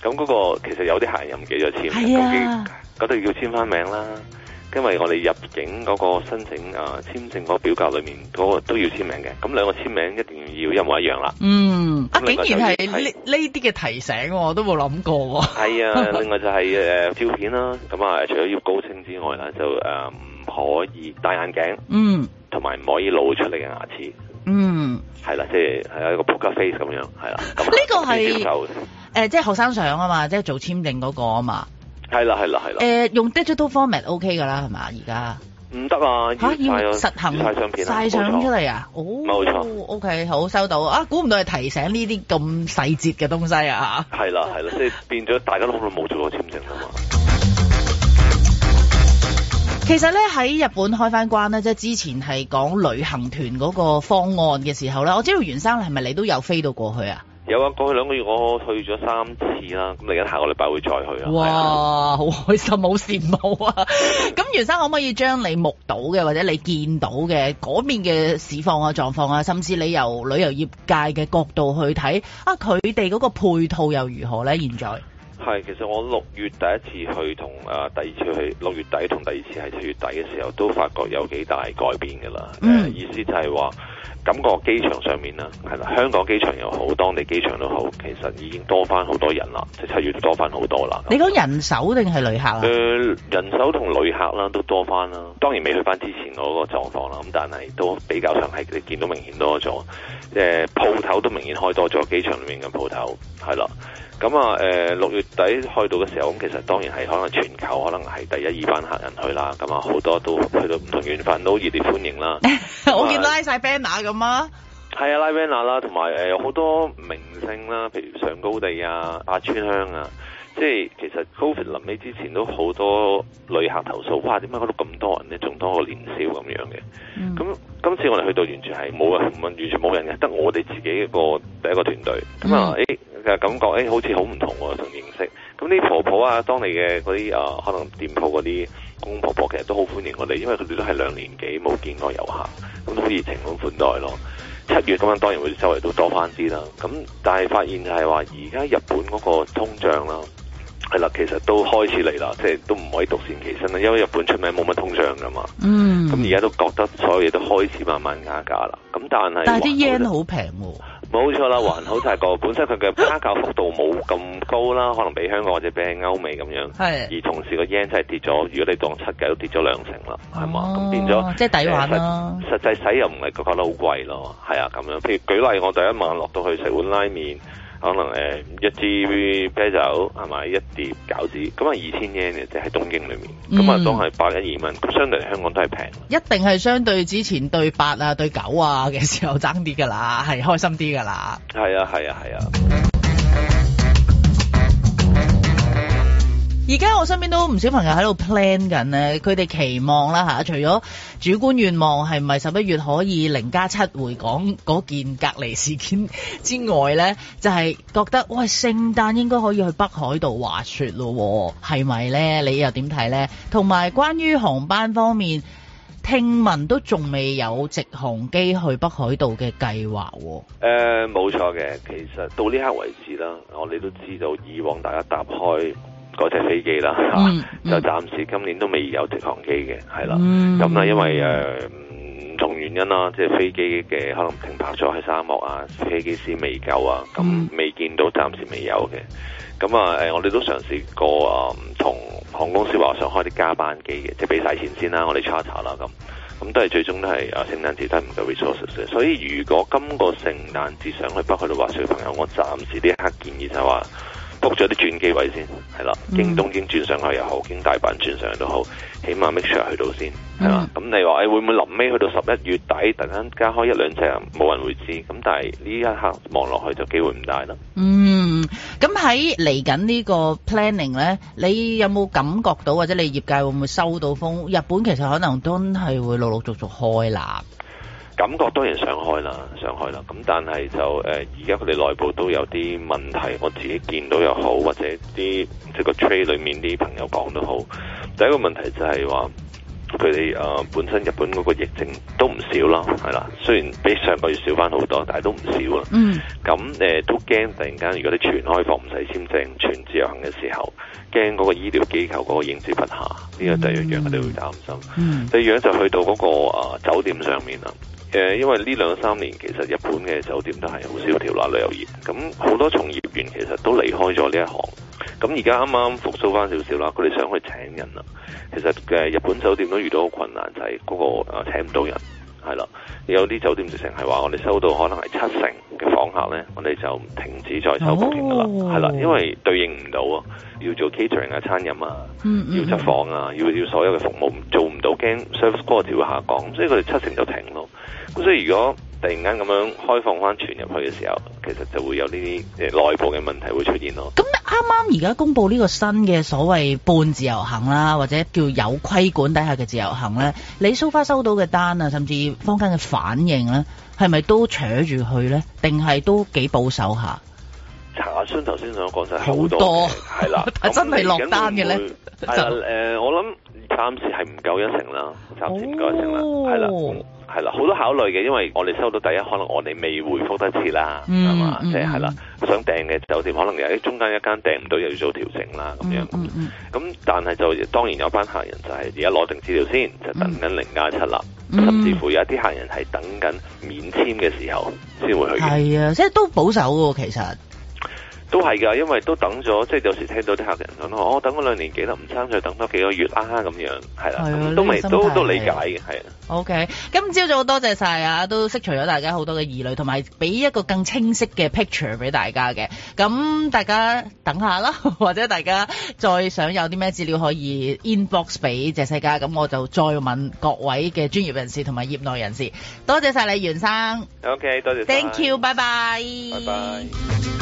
咁嗰個其實有啲客人又唔記得簽名，咁啲嗰度要簽翻名啦。因為我哋入境嗰個申請啊簽證嗰表格裏面嗰都，都要簽名嘅，咁兩個簽名一定要一模一樣啦。嗯，就是、啊竟然係呢呢啲嘅提醒，我都冇諗過。係 啊，另外就係誒照片啦，咁啊除咗要高清之外啦，就誒唔、啊、可以戴眼鏡。嗯。同埋唔可以露出嚟嘅牙齒。嗯。係啦，即係係一個 poker face 咁樣，係啦。呢個係誒，即係、就是呃就是、學生相啊嘛，即、就、係、是、做簽證嗰個啊嘛。係啦，係啦，係啦，呃。用 digital format O K 噶啦，係嘛？而家唔得啊！吓，啊，要實行曬相曬相出嚟啊！錯哦，冇錯，O K，好收到啊！估唔到係提醒呢啲咁細節嘅東西啊！係啦，係啦，即係 變咗大家都好耐冇做過簽證啊嘛。 其實咧，喺日本開翻關咧，即係之前係講旅行團嗰個方案嘅時候咧，我知道袁生，係咪你都有飛到過去啊？有啊，過去兩個月我去咗三次啦，咁嚟緊下個禮拜會再去啊。哇，好的開心，好羨慕啊！咁 袁生可唔可以將你目睹嘅或者你見到嘅嗰面嘅市況啊、狀況啊，甚至你由旅遊業界嘅角度去睇啊，佢哋嗰個配套又如何咧？現在？係，其實我六月第一次去同啊第二次去六月底同第二次係七月底嘅時候，都發覺有幾大改變㗎啦。嗯。呃，意思就係話感覺機場上面啦，係啦，香港機場又好，當地機場都好，其實已經多翻好多人啦，就係七月多翻好多啦。你講人手定係旅客？呃，人手同旅客啦都多翻啦，當然未去翻之前嗰個狀況啦，咁但係都比較上係你見到明顯多咗，誒鋪頭都明顯開多咗，機場裏面嘅鋪頭係啦。係。咁啊，誒、呃、六月底去到嘅時候，咁其實當然係可能全球，可能係第一二班客人去啦。咁啊，好多都去到唔同縣份都熱烈歡迎啦。 有 我見拉晒 banner 咁啊，係啊，拉 banner 啦，同埋有好、呃、多明星啦，譬如上高地啊、白川鄉啊。即係其實高 d 臨尾之前都好多旅客投訴，哇！點解嗰度咁多人咧？仲多個年少咁樣嘅。咁、嗯、今次我哋去到完全係冇啊，完全冇人嘅，得我哋自己一個第一個團隊。咁、嗯欸欸、啊，誒感覺誒好似好唔同喎，同認識。咁啲婆婆啊，當地嘅嗰啲啊，可能店鋪嗰啲公婆婆其實都好歡迎我哋，因為佢哋都係兩年幾冇見過遊客，咁好熱情咁款待咯。七月咁樣當然會收穫都多翻啲啦。咁但係發現就係話，而家日本嗰個通脹啦。係啦，其實都開始嚟啦，即係都唔可以獨善其身啦，因為日本出名冇乜通脹㗎嘛。嗯。咁而家都覺得所有嘢都開始慢慢加價啦。咁但係，但係啲 yen 好平喎。冇、哦、錯啦，還好就係個 本身佢嘅加價幅度冇咁高啦，可能比香港或者比歐美咁樣。的而同時個 yen 真係跌咗，如果你當七嘅都跌咗兩成啦，係嘛？咁、哦、變咗即係抵玩咯、啊。實際使又唔係覺得好貴咯，係啊咁樣。譬如舉例，我第一晚落到去食碗拉麵。可能誒一支啤酒係咪一碟餃子咁啊？二千 yen 嘅即喺東京裡面，咁啊當係百一二蚊，咁相對香港都係平。一定係相對之前對八啊對九啊嘅時候爭啲㗎啦，係開心啲㗎啦。係啊係啊係啊！是啊是啊而家我身邊都唔少朋友喺度 plan 緊呢，佢哋期望啦吓，除咗主觀願望係唔係十一月可以零加七回港嗰件隔離事件之外呢，就係覺得喂，聖誕應該可以去北海道滑雪咯，係咪呢？你又點睇呢？同埋關於航班方面，聽聞都仲未有直航機去北海道嘅計劃。誒，冇錯嘅，其實到呢刻為止啦，我哋都知道以往大家搭開。嗰隻飛機啦嚇，嗯嗯、就暫時今年都未有直航機嘅，係啦。咁咧、嗯、因為誒唔、呃、同原因啦，即係飛機嘅可能停泊咗喺沙漠啊，飛機師未夠啊，咁未見到，暫時未有嘅。咁啊誒，我哋都嘗試過啊，唔、呃、同航空公司話想開啲加班機嘅，即係俾曬錢先啦，我哋 charter 啦咁。咁都係最終都係啊、呃，聖誕節都唔夠 resources 嘅。所以如果今個聖誕節想去北海道滑雪嘅朋友，我暫時呢一刻建議就係話。book 咗啲轉機位先，係啦，經東京轉上去又好，經大阪轉上去都好，起碼 make sure 去到先，係嘛？咁、嗯、你話，誒、欸、會唔會臨尾去到十一月底，突然間加開一兩隻，冇人會知。咁但係呢一刻望落去就機會唔大咯。嗯，咁喺嚟緊呢個 planning 咧，你有冇感覺到，或者你業界會唔會收到風？日本其實可能都係會陸陸續續開啦。感覺當然想開啦，想開啦。咁但係就誒，而家佢哋內部都有啲問題，我自己見到又好，或者啲即係個 trade 裏面啲朋友講都好。第一個問題就係話佢哋誒本身日本嗰個疫症都唔少啦，係啦。雖然比上個月少翻好多，但係都唔少啦咁、嗯呃、都驚突然間，如果你全開放唔使簽證、全自由行嘅時候，驚嗰個醫療機構嗰個應接不下，呢、這個第二樣佢哋會擔心。嗯、第二樣就去到嗰、那個、呃、酒店上面啦。誒，因為呢兩三年其實日本嘅酒店都係好蕭條啦，旅遊業，咁好多從業員其實都離開咗呢一行，咁而家啱啱復甦翻少少啦，佢哋想去請人啦，其實誒日本酒店都遇到個困難，就係、是、嗰個誒請唔到人。係啦，有啲酒店直情係話，我哋收到可能係七成嘅房客咧，我哋就停止再收房團噶啦，係啦、oh.，因為對應唔到啊，要做 catering 啊、餐飲啊，mm hmm. 要執房啊，要要所有嘅服務做唔到，驚 service quality 會下降，所以佢哋七成就停咯。咁所以如果突然間咁樣開放翻傳入去嘅時候，其實就會有呢啲誒內部嘅問題會出現咯。咁啱啱而家公布呢個新嘅所謂半自由行啦，或者叫有規管底下嘅自由行咧，你 so far 收到嘅單啊，甚至坊間嘅反應咧，係咪都扯住去咧？定係都幾保守下？查下先，頭先想講晒好多，係很多笑啦， 真係落單嘅咧，就誒啦、 呃，我諗暫時係唔夠一成啦，暫時唔夠一成啦，係、oh、啦。係啦，好多考慮嘅，因為我哋收到第一，可能我哋未回覆得切啦，係嘛、嗯？即係係啦，就是嗯嗯、想訂嘅酒店可能有喺中間一間訂唔到，又要做調整啦，咁樣。咁、嗯嗯嗯、但係就當然有一班客人就係而家攞定資料先，就等緊零加七啦，嗯、甚至乎有一啲客人係等緊免簽嘅時候先會去。係啊，即係都保守喎、啊，其實。都係噶，因為都等咗，即係有時聽到啲客人咁、哦、我等咗兩年幾啦，唔爭在等多幾個月啦、啊，咁樣係啦，都未都都理解嘅，係。OK，今朝早多謝晒啊，都釋除咗大家好多嘅疑慮，同埋俾一個更清晰嘅 picture 俾大家嘅。咁大家等下啦，或者大家再想有啲咩資料可以 inbox 俾謝世嘉。咁我就再問各位嘅專業人士同埋業內人士。多謝晒，你袁生。OK，多謝。Thank you，拜拜 bye。拜拜。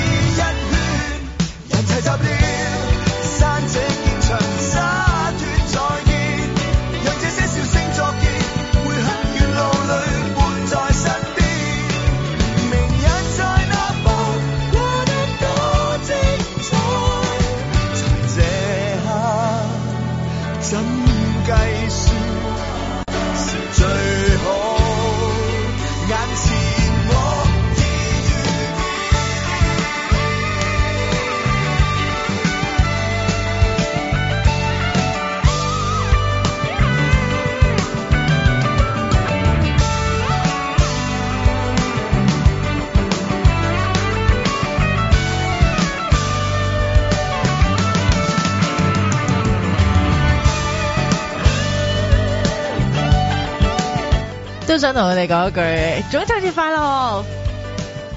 都想同佢哋講一句，中秋節快樂。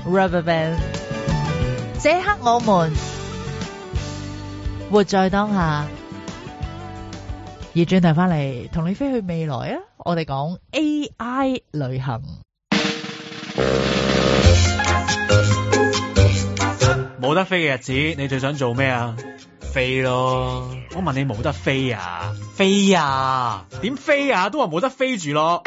Rubberband，這刻我們活在當下。而轉頭翻嚟同你飛去未來啊！我哋講 AI 旅行。冇得飛嘅日子，你最想做咩啊？飛咯！我問你冇得飛啊？飛啊？點飛啊？都話冇得飛住咯。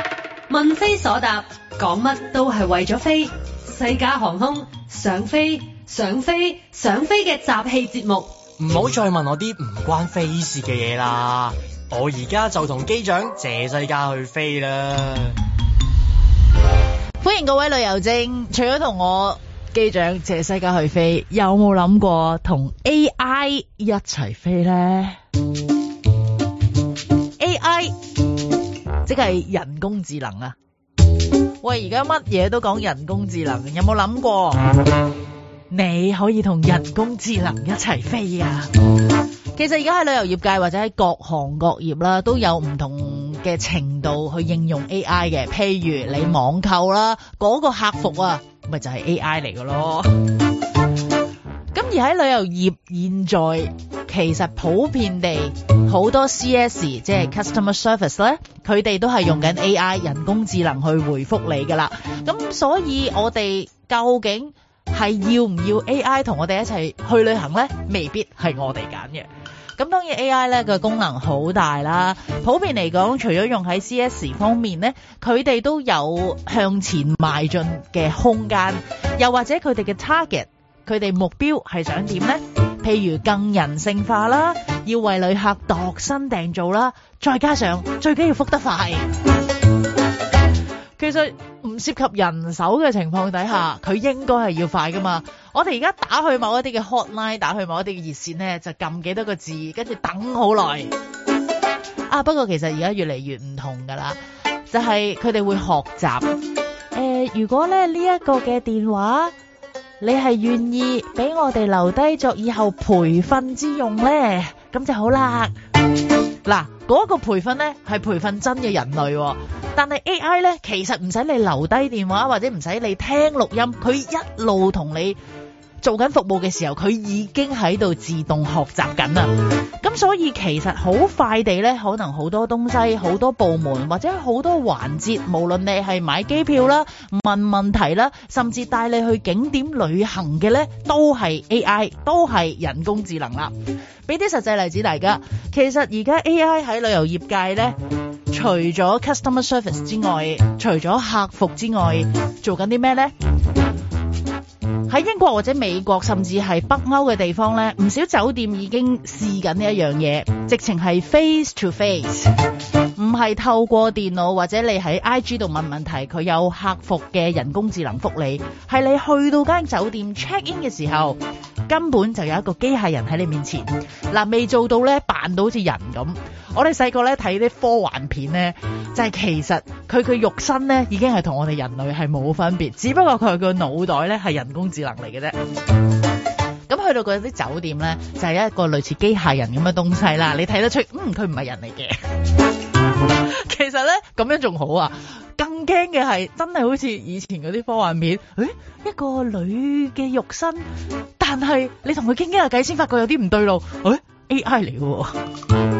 問非所答，講乜都係為咗飛。西加航空想飛想飛想飛嘅集氣節目，唔好、嗯、再問我啲唔關飛事嘅嘢啦。我而家就同機長謝西加去飛啦。歡迎各位旅遊精，除咗同我機長謝西加去飛，有冇諗過同 AI 一齊飛呢？即係人工智能啊！喂，而家乜嘢都講人工智能，有冇諗過你可以同人工智能一齊飛啊？其實而家喺旅遊業界或者喺各行各業啦，都有唔同嘅程度去應用 AI 嘅，譬如你網購啦，嗰個客服啊，咪就係 AI 嚟嘅咯。而喺旅遊業，現在其實普遍地，好多 CS, C S 即係 customer service 咧，佢哋都係用緊 A I 人工智能去回覆你噶啦。咁所以，我哋究竟係要唔要 A I 同我哋一齊去旅行呢？未必係我哋揀嘅。咁當然 A I 咧個功能好大啦。普遍嚟講，除咗用喺 C S 方面呢，佢哋都有向前邁進嘅空間，又或者佢哋嘅 target。佢哋目標係想點咧？譬如更人性化啦，要為旅客度身訂造啦，再加上最緊要覆得快。其實唔涉及人手嘅情況底下，佢應該係要快㗎嘛。我哋而家打去某一啲嘅 hotline，打去某一啲嘅熱線咧，就撳幾多個字，跟住等好耐。啊，不過其實而家越嚟越唔同㗎喇，就係佢哋會學習。呃，如果咧呢一、這個嘅電話。你係願意俾我哋留低作以後培訓之用呢？咁就好啦。嗱，嗰個培訓呢係培訓真嘅人類，但係 AI 呢，其實唔使你留低電話或者唔使你聽錄音，佢一路同你。做緊服務嘅時候，佢已經喺度自動學習緊啦。咁所以其實好快地呢，可能好多東西、好多部門或者好多環節，無論你係買機票啦、問問題啦，甚至帶你去景點旅行嘅呢，都係 AI，都係人工智能啦。俾啲實際例子，大家其實而家 AI 喺旅遊業界呢，除咗 customer service 之外，除咗客服之外，做緊啲咩呢？喺英國或者美國，甚至係北歐嘅地方咧，唔少酒店已經試緊呢一樣嘢，直情係 face to face，唔係透過電腦或者你喺 IG 度問問題，佢有客服嘅人工智能覆你，係你去到間酒店 check in 嘅時候，根本就有一個機械人喺你面前，嗱，未做到咧，扮到好似人咁。我哋細個咧睇啲科幻片咧，就係、是、其實佢嘅肉身咧已經係同我哋人類係冇分別，只不過佢個腦袋咧係人工智能嚟嘅啫。咁 去到嗰啲酒店咧，就係、是、一個類似機械人咁嘅東西啦。你睇得出，嗯，佢唔係人嚟嘅。 其實咧咁樣仲好啊，更驚嘅係真係好似以前嗰啲科幻片，誒、欸，一個女嘅肉身，但係你同佢傾傾下偈先，發覺有啲唔對路，誒、欸、AI 嚟喎。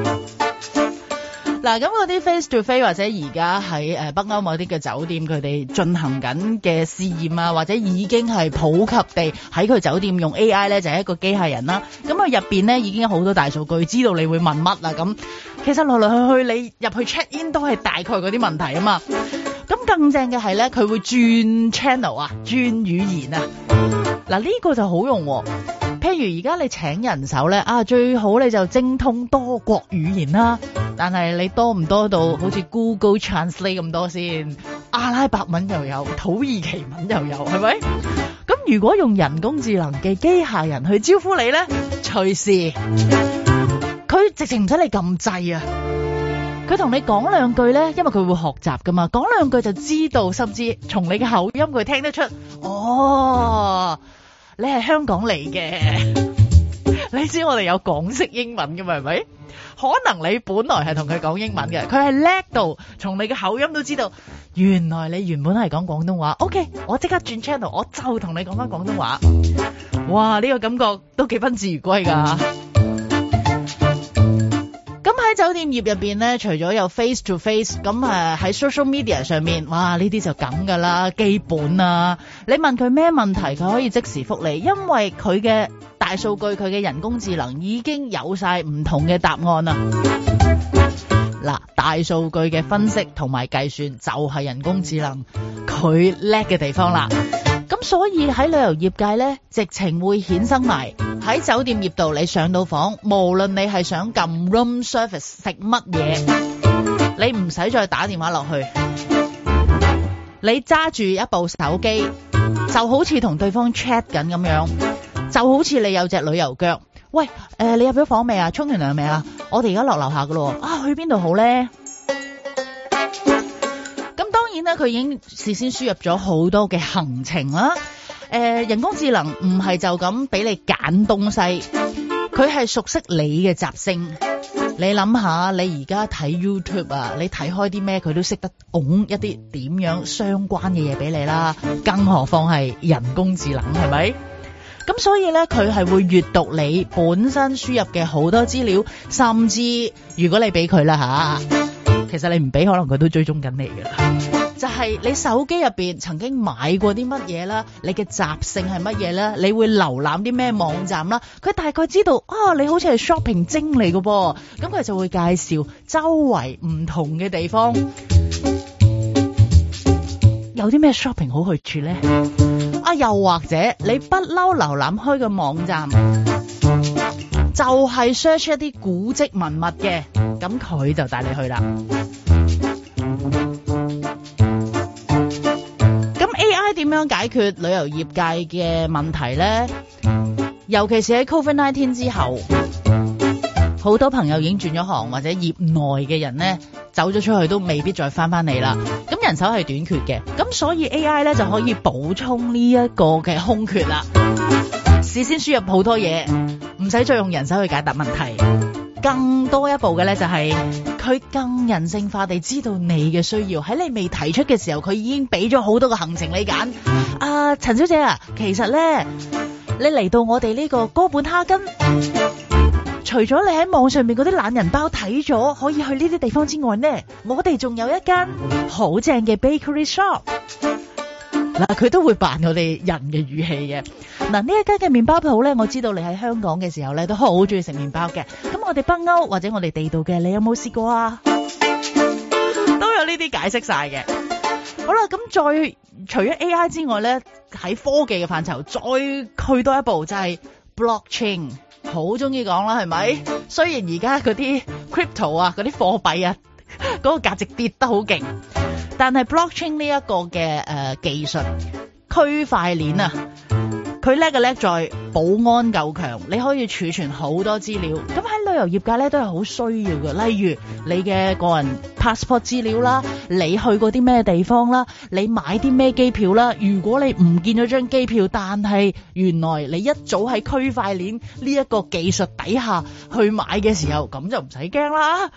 嗱，咁嗰啲 face to face 或者而家喺北歐某啲嘅酒店，佢哋進行緊嘅試驗啊，或者已經係普及地喺佢酒店用 AI 咧，就係一個機械人啦。咁啊入邊咧已經有好多大數據，知道你會問乜啦咁。其實來來去去你入去 check in 都係大概嗰啲問題啊嘛。咁更正嘅係咧，佢會轉 channel 啊，轉語言啊。嗱呢個就好用喎啊。譬如而家你請人手咧啊，最好你就精通多國語言啦。但係你多唔多到好似 Google Translate 咁多先？阿拉伯文又有，土耳其文又有，係咪？咁如果用人工智能嘅機械人去招呼你咧，隨時，佢直情唔使你咁滯啊！佢同你講兩句咧，因為佢會學習噶嘛，講兩句就知道，甚至從你嘅口音佢聽得出哦。你係香港嚟嘅， 你知我哋有港式英文嘅嘛？係咪？可能你本來係同佢講英文嘅，佢係叻到從你嘅口音都知道，原來你原本係講廣東話。OK，我即刻轉 channel，我就同你講翻廣東話。哇！呢個感覺都幾賓至如歸㗎。喺酒店業入邊咧，除咗有 face to face，咁誒喺 social media 上面，哇，呢啲就咁噶啦，基本啦，啊。你問佢咩問題，佢可以即時覆你，因為佢嘅大數據，佢嘅人工智能已經有晒唔同嘅答案啦。嗱，啊，大數據嘅分析同埋計算就係人工智能佢叻嘅地方啦。咁、嗯、所以喺旅遊業界咧，直情會衍生埋喺酒店業度，你上到房，無論你係想撳 room service 食乜嘢，你唔使再打電話落去，你揸住一部手機，就好似同對方 chat 緊咁樣，就好似你有隻旅遊腳。喂，誒、呃，你入咗房未啊？沖完涼未啊？我哋而家落樓下噶咯，啊，去邊度好咧？佢已經事先輸入咗好多嘅行程啦。誒、呃,人工智能唔係就咁俾你揀東西，佢係熟悉你嘅習性。你諗下，你而家睇 YouTube 啊，你睇開啲咩，佢都識得拱一啲點樣相關嘅嘢俾你啦。更何況係人工智能，係咪？咁所以呢，佢係會閱讀你本身輸入嘅好多資料，甚至如果你俾佢啦吓，其實你唔俾，可能佢都追蹤緊你㗎啦。就係你手機入邊曾經買過啲乜嘢啦，你嘅習性係乜嘢咧，你會瀏覽啲咩網站啦，佢大概知道啊、哦，你好似係 shopping 精嚟嘅喎。咁佢就會介紹周圍唔同嘅地方，有啲咩 shopping 好去處咧？啊，又或者你不嬲瀏覽開嘅網站就係、是、search 一啲古蹟文物嘅，咁佢就帶你去啦。點樣解決旅遊業界嘅問題呢？尤其是喺 COVID-19 之後，好多朋友已經轉咗行，或者業內嘅人呢，走咗出去都未必再返返嚟啦。咁人手係短缺嘅，咁所以 AI 呢就可以補充呢一個嘅空缺啦。事先輸入好多嘢，唔使再用人手去解答問題。更多一步嘅咧、就是，就係佢更人性化地知道你嘅需要，喺你未提出嘅時候，佢已經俾咗好多個行程你揀。啊，陳小姐啊，其實咧，你嚟到我哋呢個哥本哈根，除咗你喺網上面嗰啲懶人包睇咗可以去呢啲地方之外咧，我哋仲有一間好正嘅 bakery shop。嗱，佢都會扮我哋人嘅語氣嘅。嗱，呢一間嘅麵包鋪咧，我知道你喺香港嘅時候咧，都好中意食麵包嘅。咁我哋北歐或者我哋地道嘅，你有冇試過啊？都有呢啲解釋晒嘅。好啦，咁再除咗 AI 之外咧，喺科技嘅範疇再去多一步就係 blockchain，好中意講啦，係咪？嗯、雖然而家嗰啲 crypto 啊，嗰啲貨幣啊，嗰 個價值跌得好勁。但係 blockchain 呢一個嘅誒、呃、技術區塊鏈啊，佢叻嘅叻在保安夠強，你可以儲存好多資料。咁喺旅遊業界咧都係好需要嘅，例如你嘅個人 passport 資料啦，你去過啲咩地方啦，你買啲咩機票啦。如果你唔見咗張機票，但係原來你一早喺區塊鏈呢一個技術底下去買嘅時候，咁就唔使驚啦。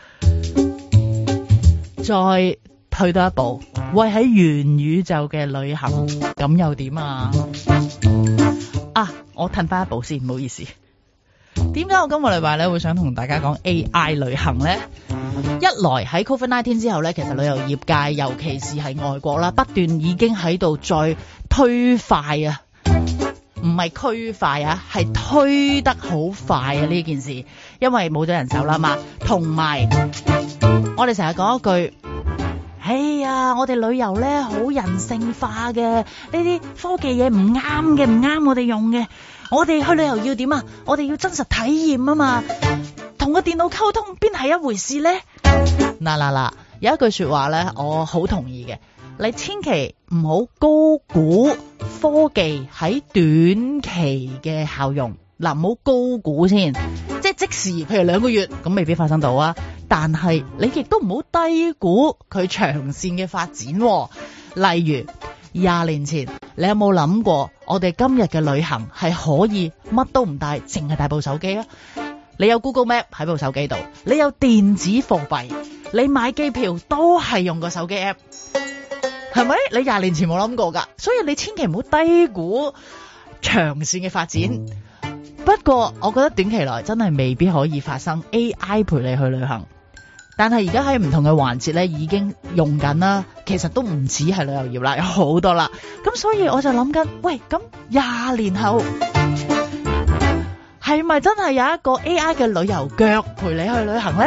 再。退多一步，喂喺元宇宙嘅旅行，咁又點啊？啊，我褪翻一步先，唔好意思。點解我今個禮拜咧會想同大家講 AI 旅行咧？一來喺 COVID-19 之後咧，其實旅遊業界尤其是係外國啦，不斷已經喺度再推快啊，唔係區快啊，係推得好快啊呢件事，因為冇咗人手啦嘛，同埋我哋成日講一句。哎呀，我哋旅遊咧好人性化嘅，呢啲科技嘢唔啱嘅，唔啱我哋用嘅。我哋去旅遊要點啊？我哋要真實體驗啊嘛，同個電腦溝通邊係一回事咧？嗱嗱嗱，有一句說話咧，我好同意嘅，你千祈唔好高估科技喺短期嘅效用，嗱，唔好高估先。即時，譬如兩個月咁，未必發生到啊！但係你亦都唔好低估佢長線嘅發展。例如廿年前，你有冇諗過我哋今日嘅旅行係可以乜都唔帶，淨係帶部手機啊？你有 Google Map 喺部手機度，你有電子貨幣，你買機票都係用個手機 app，係咪？你廿年前冇諗過㗎，所以你千祈唔好低估長線嘅發展。不過我覺得短期內真係未必可以發生 AI 陪你去旅行，但係而家喺唔同嘅環節咧已經用緊啦，其實都唔止係旅遊業啦，有好多啦。咁所以我就諗緊，喂，咁廿年後係咪真係有一個 AI 嘅旅遊腳陪你去旅行呢？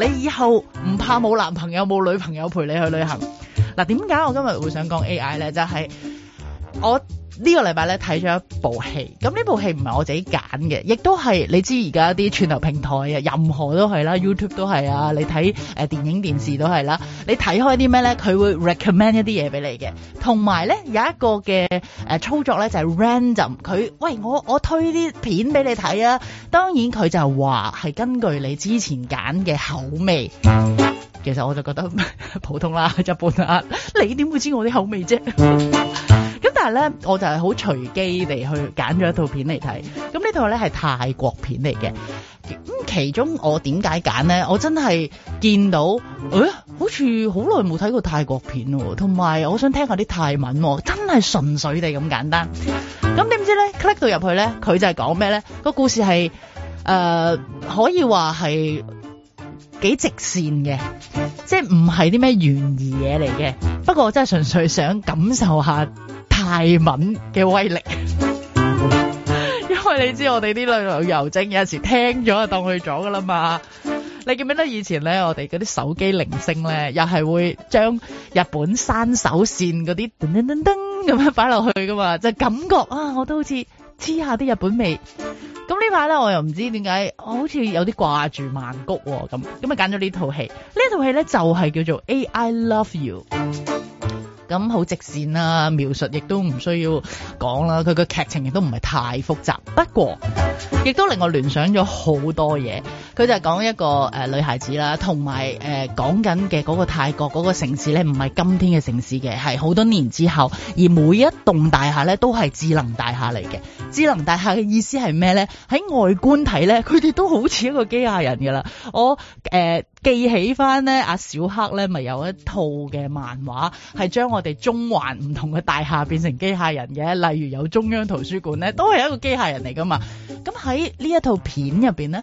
你以後唔怕冇男朋友冇女朋友陪你去旅行？嗱、啊，點解我今日會想講 AI 呢？就係、是、我。呢個禮拜咧睇咗一部戲，咁呢部戲唔係我自己揀嘅，亦都係，你知而家啲串流平台啊，任何都係啦，YouTube 都係啊，你睇誒電影電視都係啦，你睇開啲咩咧，佢會 recommend 一啲嘢俾你嘅，同埋咧有一個嘅誒操作咧就係 random，佢喂我我推啲片俾你睇啊，當然佢就話係根據你之前揀嘅口味。嗯其實我就覺得普通啦，一般啦。你點會知我啲口味啫？咁 但係咧，我就係好隨機地去揀咗一套片嚟睇。咁呢套咧係泰國片嚟嘅。咁其中我點解揀咧？我真係見到，誒、哎，好似好耐冇睇過泰國片喎。同埋我想聽下啲泰文喎，真係純粹地咁簡單。咁點知咧，click 到入去咧，佢就係講咩咧？個故事係誒、呃，可以話係，幾直線嘅，即係唔係啲咩懸疑嘢嚟嘅。不過我真係純粹想感受下泰文嘅威力， 因為你知我哋啲旅遊精有陣時聽咗就當去咗噶啦嘛。你記唔記得以前咧，我哋嗰啲手機鈴聲咧，又係會將日本山手線嗰啲噔噔噔噔咁樣擺落去噶嘛？就感覺啊，我都好似。黐下啲日本味，咁呢排咧我又唔知點解，我好似有啲掛住曼谷喎，咁咁啊揀咗呢套戲。呢套戲咧就係叫做《AI Love You》。咁好直線啦，描述亦都唔需要講啦。佢個劇情亦都唔係太複雜，不過亦都令我聯想咗好多嘢。佢就係講一個、呃、女孩子啦，同埋呃、講緊嘅嗰個泰國嗰個城市咧，唔係今天嘅城市嘅，係好多年之後，而每一棟大廈咧都係智能大廈嚟嘅。智能大廈嘅意思係咩咧？喺外觀睇咧，佢哋都好似一個機械人噶啦。我、呃記起翻咧，阿小黑咧咪有一套嘅漫畫，係將我哋中環唔同嘅大廈變成機械人嘅，例如有中央圖書館咧，都係一個機械人嚟㗎嘛。咁喺呢一套片入面咧，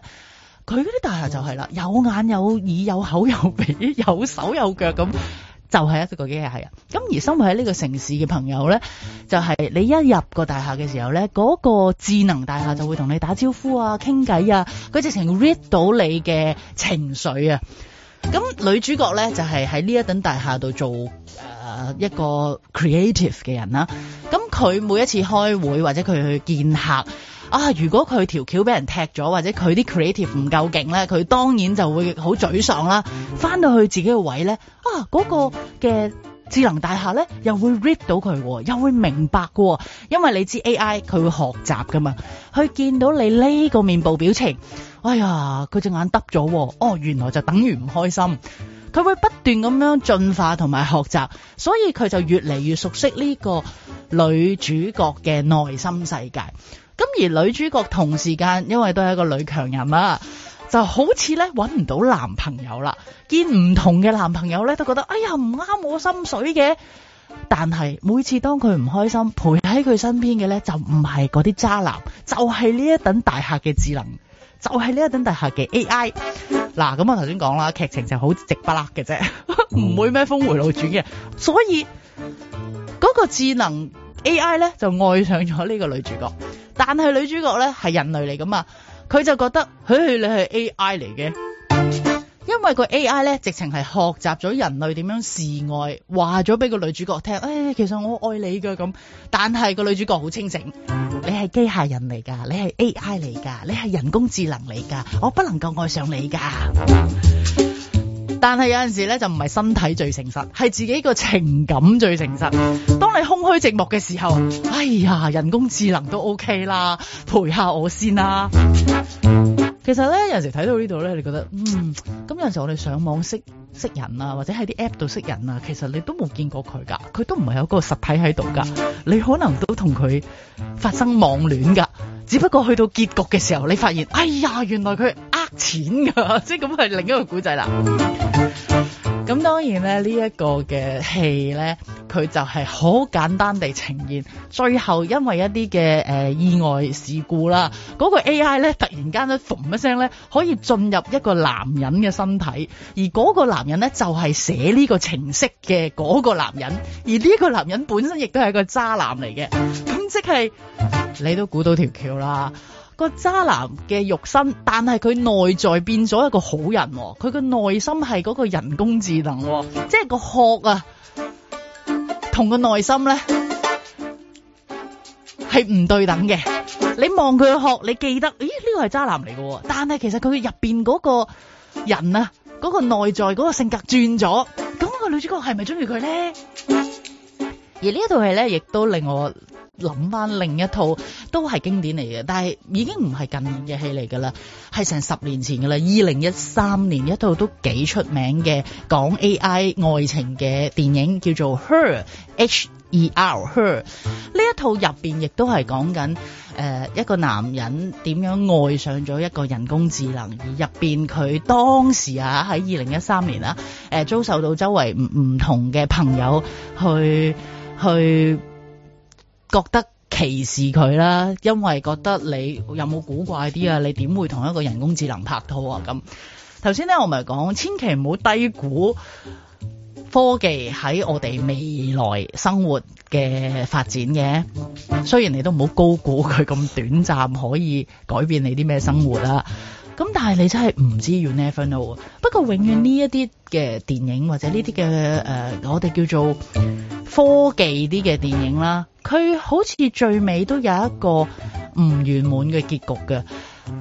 佢嗰啲大廈就係啦，有眼有耳有口有鼻有手有腳咁。就係一個機械人啊！咁而生活喺呢個城市嘅朋友咧，就係、是、你一入個大廈嘅時候咧，嗰、那個智能大廈就會同你打招呼啊、傾偈啊，佢直情 read 到你嘅情緒啊！咁女主角咧就係喺呢一等大廈度做誒、呃、一個 creative 嘅人啦、啊。咁佢每一次開會或者佢去見客啊，如果佢條橋俾人踢咗，或者佢啲 creative 唔夠勁咧，佢當然就會好沮喪啦。返到去自己嘅位咧。嗰、啊那個嘅智能大廈咧，又會 read 到佢、哦，又會明白喎、哦！因為你知 AI 佢會學習噶嘛，佢見到你呢個面部表情，哎呀，佢隻眼耷咗、哦，哦，原來就等於唔開心，佢會不斷咁樣進化同埋學習，所以佢就越嚟越熟悉呢個女主角嘅內心世界，咁而女主角同時間，因為都係一個女強人啊。就好似咧，揾唔到男朋友啦，見唔同嘅男朋友咧都覺得哎呀唔啱我心水嘅。但係每次當佢唔開心，陪喺佢身邊嘅咧就唔係嗰啲渣男，就係、是、呢一等大客嘅智能，就係、是、呢一等大客嘅 AI。嗱，咁、 啊、我頭先講啦，劇情就好直不甩嘅啫，唔 會咩峰回路轉嘅。所以嗰、那個智能 AI 咧就愛上咗呢個女主角，但係女主角咧係人類嚟噶嘛。佢就覺得，嘿，你係 A I 嚟嘅，因為個 A I 咧，直情係學習咗人類點樣示愛，話咗俾個女主角聽，誒、哎，其實我愛你噶咁。但係個女主角好清醒，你係機械人嚟噶，你係 A I 嚟噶，你係人工智能嚟噶，我不能夠愛上你噶。但係有陣時咧，就唔係身體最誠實，係自己個情感最誠實。當你空虛寂寞嘅時候，哎呀，人工智能都 OK 啦，陪下我先啦。其實咧，有陣時睇到呢度咧，你覺得嗯，咁有陣時我哋上網識識人啊，或者喺啲 App 度識人啊，其實你都冇見過佢噶，佢都唔係有個實體喺度噶，你可能都同佢發生網戀噶，只不過去到結局嘅時候，你發現，哎呀，原來佢。錢噶，即係咁係另一個古仔啦。咁當然咧，呢個、呢一個嘅戲咧，佢就係好簡單地呈現。最後因為一啲嘅誒意外事故啦，嗰、嗰個 AI 咧突然間咧，嘣一聲咧，可以進入一個男人嘅身體，而嗰個男人咧就係寫呢個程式嘅嗰個男人，而呢個男人本身亦都係個渣男嚟嘅。咁即係你都估到條橋啦。個渣男嘅肉身，但係佢內在變咗一個好人。佢嘅內心係嗰個人工智能，哇即係個殼啊，同個內心咧係唔對等嘅。你望佢個殼，你記得咦？呢個係渣男嚟嘅，但係其實佢入邊嗰個人啊，嗰個內在嗰個性格轉咗。咁個女主角係咪中意佢咧？而這戲呢一套戲咧，亦都令我諗翻另一套都係經典嚟嘅，但係已經唔係近年嘅戲嚟噶啦，係成十年前噶啦。二零一三年一套都幾出名嘅講 A I 愛情嘅電影，叫做 Her H E R Her。呢、嗯、一套入邊亦都係講緊誒一個男人點樣愛上咗一個人工智能，而入邊佢當時啊喺二零一三年啦、啊、誒、呃、遭受到周圍唔唔同嘅朋友去。去覺得歧視佢啦，因為覺得你有冇古怪啲啊？你點會同一個人工智能拍拖啊？咁頭先咧，我咪講，千祈唔好低估科技喺我哋未來生活嘅發展嘅。雖然你都唔好高估佢咁短暫可以改變你啲咩生活啦。咁但係你真係唔知 You Never Know。不過永遠呢一啲嘅電影或者呢啲嘅誒，我哋叫做科技啲嘅電影啦，佢好似最尾都有一個唔圓滿嘅結局嘅。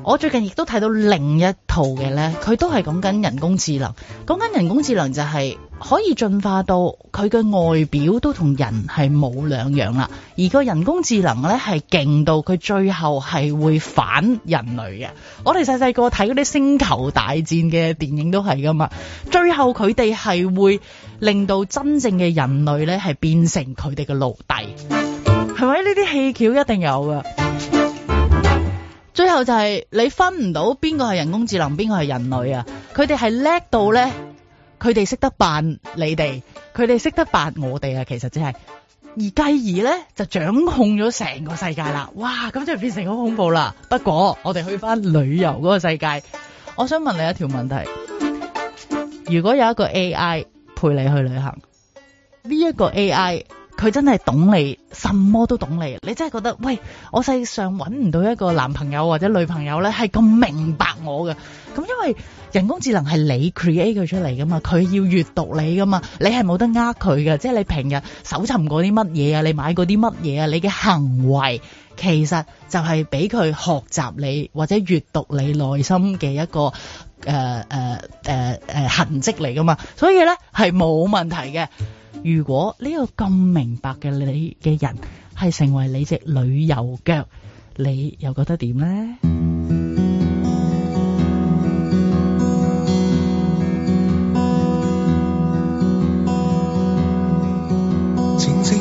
我最近亦都睇到另一套嘅，呢，佢都係講緊人工智能，講緊人工智能就係可以進化到佢嘅外表都同人係冇兩樣啦，而個人工智能呢，係勁到佢最後係會反人類嘅。我哋細細個睇嗰啲星球大戰嘅電影都係噶嘛，最後佢哋係會令到真正嘅人類呢，係變成佢哋嘅奴隸，係咪呢啲戲橋一定有嘅？最後就係、是、你分唔到邊個係人工智能，邊個係人類啊？佢哋係叻到咧，佢哋識得扮你哋，佢哋識得扮我哋啊！其實即、就、係、是，而繼而咧就掌控咗成個世界啦！哇，咁就係變成好恐怖啦！不過我哋去翻旅遊嗰個世界，我想問你一條問題：如果有一個 AI 陪你去旅行，呢、這、一個 AI？佢真係懂你，什麼都懂你。你真係覺得，喂，我世上揾唔到一個男朋友或者女朋友咧，係咁明白我嘅。咁因為人工智能係你 create 佢出嚟噶嘛，佢要閱讀你噶嘛，你係冇得呃佢嘅。即係你平日搜尋嗰啲乜嘢啊，你買嗰啲乜嘢啊，你嘅行為其實就係俾佢學習你或者閱讀你內心嘅一個誒誒誒誒痕跡嚟噶嘛。所以咧係冇問題嘅。如果呢個咁明白嘅你嘅人係成為你隻旅遊腳，你又覺得點咧？清清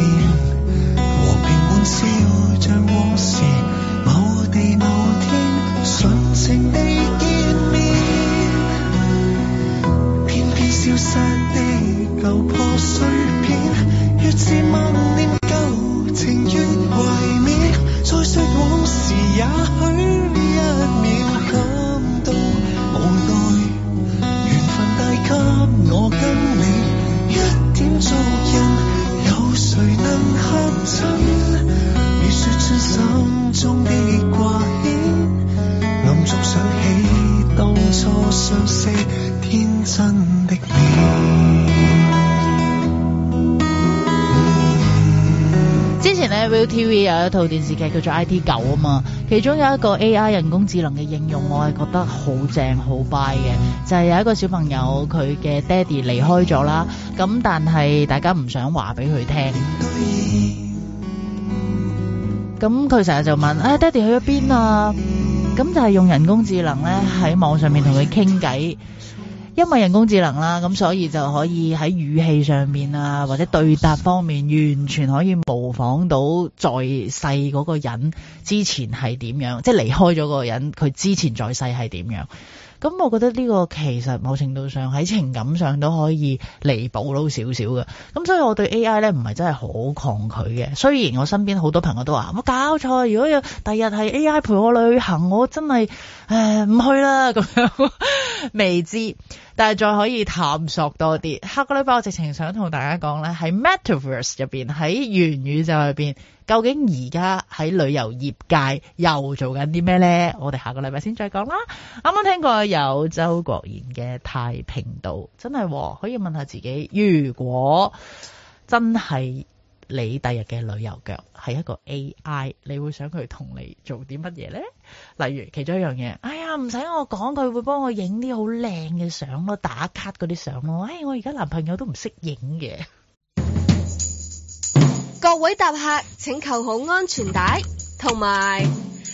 有一套電視劇叫做《IT 狗》啊嘛，其中有一個 A I 人工智能嘅應用，我係覺得好正好 buy 嘅，就係、是、有一個小朋友佢嘅爹哋離開咗啦，咁但係大家唔想話俾佢聽，咁佢成日就問，啊爹哋去咗邊啊？咁就係用人工智能咧喺網上面同佢傾偈。因為人工智能啦，咁所以就可以喺語氣上面啊，或者對答方面，完全可以模仿到在世嗰個人之前係點樣，即係離開咗嗰個人，佢之前在世係點樣。咁，我覺得呢個其實某程度上喺情感上都可以彌補到少少嘅。咁所以我對 AI 呢唔係真係好抗拒嘅。雖然我身邊好多朋友都話：冇搞錯，如果有第日係 AI 陪我旅行，我真係誒唔去啦咁樣。 未知。但係再可以探索多啲。下個禮拜我直情想同大家講咧，喺 Metaverse 入邊，喺元宇宙入邊，究竟而家喺旅遊業界又做緊啲咩咧？我哋下個禮拜先再講啦。啱啱聽過有周國賢嘅《太平道》真，真係可以問下自己，如果真係。你第日嘅旅遊腳係一個 AI，你會想佢同你做啲乜嘢咧？例如其中一樣嘢，哎呀唔使我講，佢會幫我影啲好靚嘅相咯，打卡嗰啲相咯。哎，我而家男朋友都唔識影嘅。各位搭客請扣好安全帶，同埋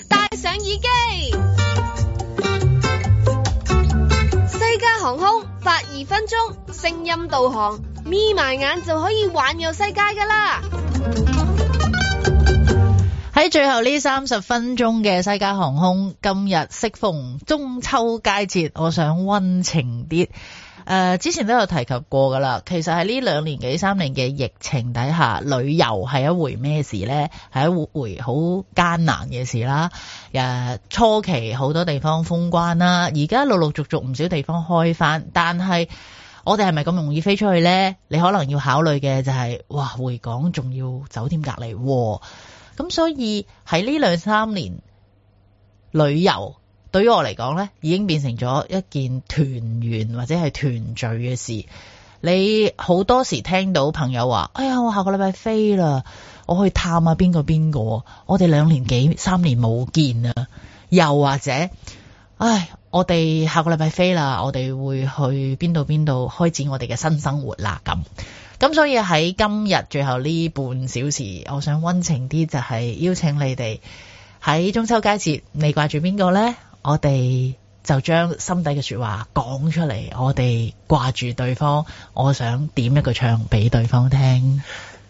戴上耳機。西加航空發二分鐘聲音導航。眯埋眼就可以環遊世界噶啦！喺最後呢三十分鐘嘅西加航空，今日適逢中秋佳節，我想溫情啲。誒、呃，之前都有提及過噶啦，其實喺呢兩年幾三年嘅疫情底下，旅遊係一回咩事呢？係一回好艱難嘅事啦。誒、呃，初期好多地方封關啦，而家陸陸續續唔少地方開翻，但係我哋係咪咁容易飛出去呢？你可能要考慮嘅就係，哇，回港仲要酒店隔離喎，咁所以喺呢兩三年旅遊對於我嚟講呢，已經變成咗一件團圓或者係團聚嘅事。你好多時聽到朋友話，哎呀，我下個禮拜飛啦，我去探下邊個邊個，我哋兩年幾三年冇見啊又或者。唉，我哋下個禮拜飛啦，我哋會去邊度邊度開展我哋嘅新生活啦咁。咁所以喺今日最後呢半小時，我想溫情啲就係邀請你哋喺中秋佳節，你掛住邊個呢？我哋就將心底嘅說話講出嚟，我哋掛住對方，我想點一個唱俾對方聽。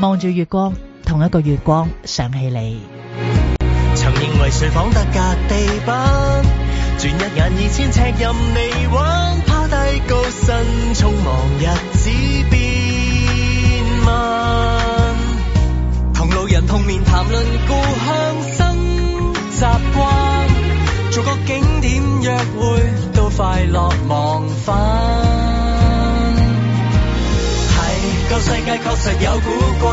望住月光，同一個月光想起你。曾認為睡房得隔地板，轉一眼二千尺任你玩，拋低高身，匆忙日子變慢。同路人碰面談論故鄉生習慣，做個景點約會都快樂忘返。世界確實有古怪，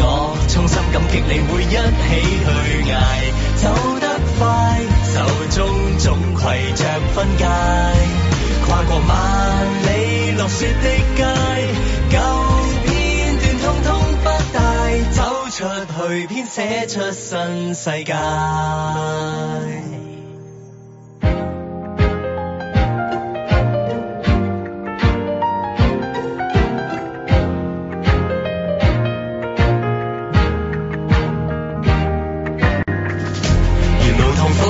我衷心感激你會一起去捱，走得快，手中總攜着分界。跨過萬里落雪的街，舊片段通通不帶，走出去編寫出新世界。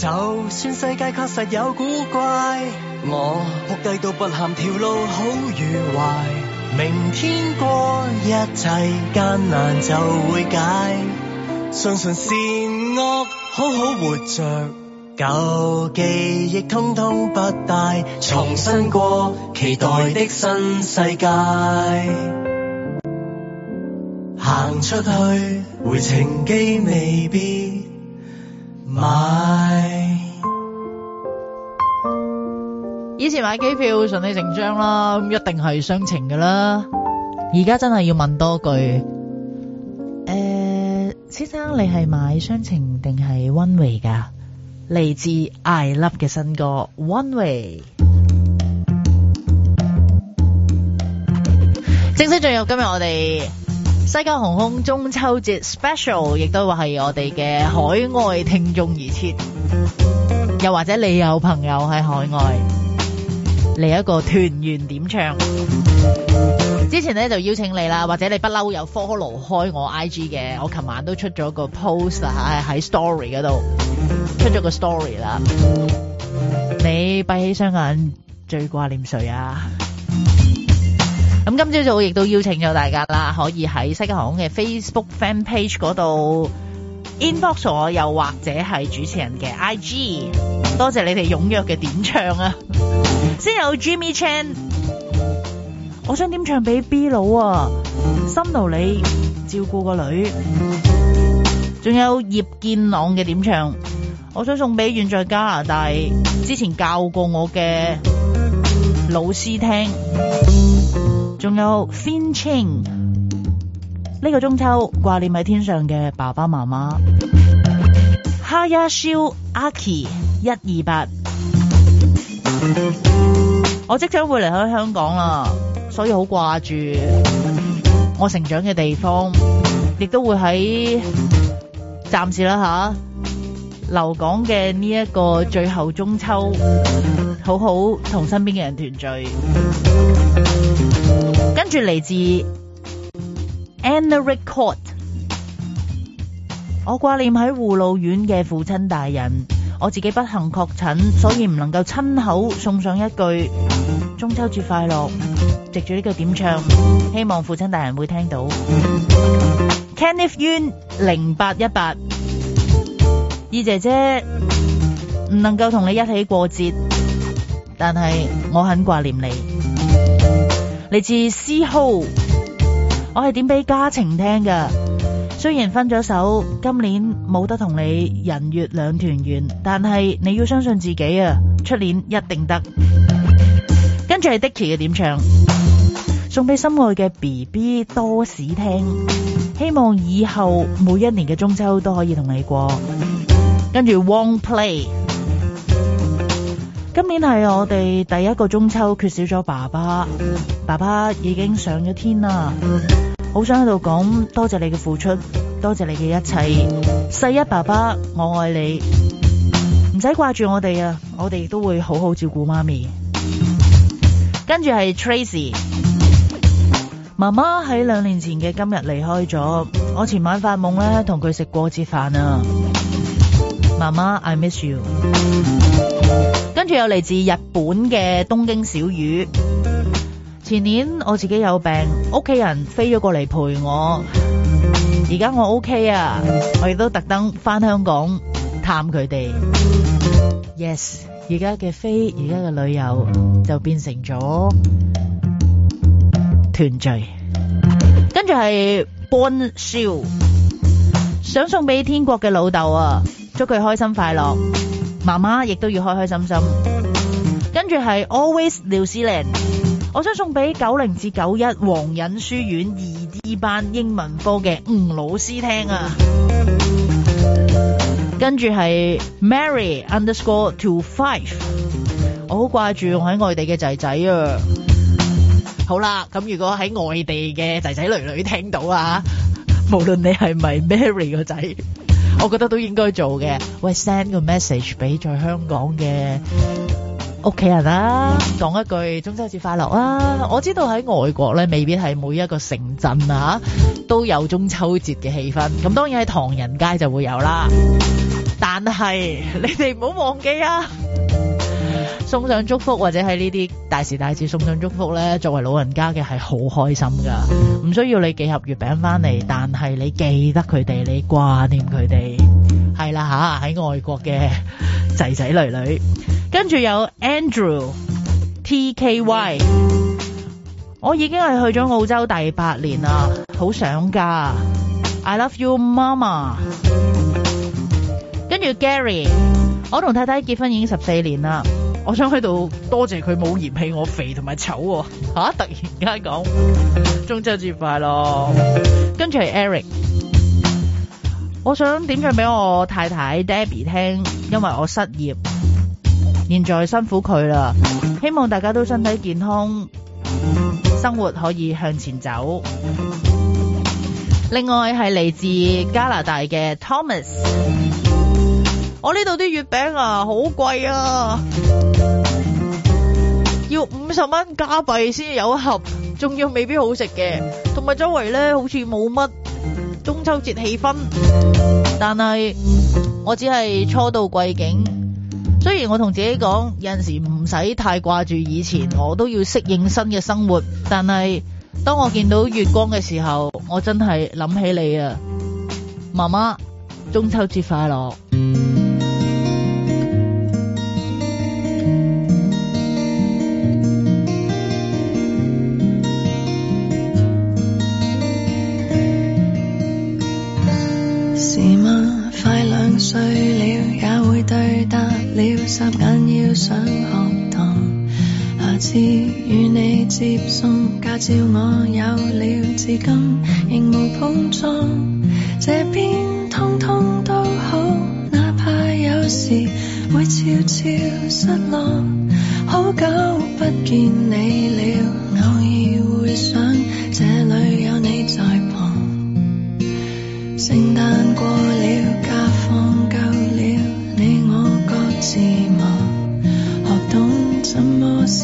就算世界確實有古怪，我撲低到不喊，條路好與壞，明天過一切艱難就會解。相信，信善惡，好好活着，舊記憶通通不帶，重新過期待的新世界。行出去，回程機未必買。以前買機票順理成章啦，咁一定係雙程嘅啦。而家真係要問多句，誒， uh, 先生你係買雙程定係 one way 噶？嚟自 I Love 嘅新歌 One Way 正式進入今日我哋西加航空中秋節 Special，亦都係我哋嘅海外聽眾而設，又或者你有朋友喺海外。嚟一個團圓點唱，之前咧就邀請你啦，或者你不嬲有 follow 開我 IG 嘅，我琴晚都出咗個 post 啦，喺 story 嗰度出咗個 story 啦。你閉起雙眼最掛念誰啊？咁今朝早亦都邀請咗大家啦，可以喺西加航空嘅 Facebook fan page 嗰度 inbox 我又，又或者係主持人嘅 IG，多謝你哋踴躍嘅點唱啊！先有 Jimmy Chan，我想點唱俾 B 佬啊，心勞你照顧個女，仲有葉建朗嘅點唱，我想送俾遠在加拿大之前教過我嘅老師聽，仲有 Fin Chang，呢個中秋掛念喺天上嘅爸爸媽媽，Hayashio Aki 一二八。我即將會離開香港啦，所以好掛住我成長嘅地方，亦都會喺暫時啦吓、啊、留港嘅呢一個最後中秋，好好同身邊嘅人團聚。跟住嚟自 Anna Record，我掛念喺護老院嘅父親大人。我自己不幸確診，所以唔能夠親口送上一句中秋節快樂。藉住呢句點唱，希望父親大人會聽到。Kenneth Yuen 零八一八，二姐姐唔能夠同你一起過節，但係我很掛念你。嚟自思浩，ho, 我係點俾家情聽㗎？雖然分咗手，今年冇得同你人月兩團圓，但係你要相信自己啊，出年一定得。跟住係 Dicky 嘅點唱，送俾心愛嘅 BB 多士聽，希望以後每一年嘅中秋都可以同你過。跟住 Won Play，今年係我哋第一個中秋缺少咗爸爸，爸爸已經上咗天啦。好想喺度講多謝你嘅付出，多謝你嘅一切，世一爸爸我愛你，唔使掛住我哋啊，我哋都會好好照顧媽咪。跟住係 Tracy，媽媽喺兩年前嘅今日離開咗，我前晚發夢咧同佢食過節飯啊，媽媽 I miss you，跟住有嚟自日本嘅東京小雨。前年我自己有病，屋企人飛咗過嚟陪我。而家我 OK 啊，我亦都特登返香港探佢哋。Yes，而家嘅飛，而家嘅旅遊就變成咗團聚。跟住係 Born Show，想送俾天國嘅老豆啊，祝佢開心快樂。媽媽亦都要開開心心。跟住係 Always 廖思玲。我想送俾九零至九一黃隱書院二 D 班英文科嘅吳老師聽啊，跟住係 Mary underscore to five，我好掛住我喺外地嘅仔仔啊，好啦，咁如果喺外地嘅仔仔女女聽到啊，無論你係咪 Mary 個仔，我覺得都應該做嘅，喂 send 個 message 俾在香港嘅。.屋企人啊，講一句「中秋節快樂啊！」我知道喺外國咧，未必係每一個城鎮啊都有中秋節嘅氣氛。咁當然喺唐人街就會有啦。但係你哋唔好忘記啊！送上祝福或者係呢啲大時大節送上祝福咧，作為老人家嘅係好開心噶。唔需要你寄盒月餅翻嚟，但係你記得佢哋，你掛念佢哋。係啦吓，喺外國嘅仔仔女女。跟住有 Andrew T K Y，我已經係去咗澳洲第八年啦，好想㗎。I love you, Mama。跟住 Gary，我同太太結婚已經十四年啦，我想喺度多謝佢冇嫌棄我肥同埋醜。吓、啊，突然間講中秋節快樂。跟住係 Eric，我想點唱俾我太太 Debbie 聽，因為我失業。現在辛苦佢啦，希望大家都身體健康，生活可以向前走。另外係嚟自加拿大嘅 Thomas，我呢度啲、哦、月餅啊，好貴啊，要五十蚊加幣先有一盒，仲要未必好食嘅，同埋周圍咧好似冇乜中秋節氣氛，但係我只係初到貴境。雖然我同自己講有陣時唔使太掛住以前，我都要適應新嘅生活。但係當我見到月光嘅時候，我真係諗起你啊，媽媽，中秋節快樂。是嗎？快兩歲。 對答了，霎眼要上學堂。下次與你接送，駕照我有了，至今仍無碰撞。這邊通通都好，哪怕有時會悄悄失落。好久不見你了，偶爾會想這裏有你在旁。聖誕過了。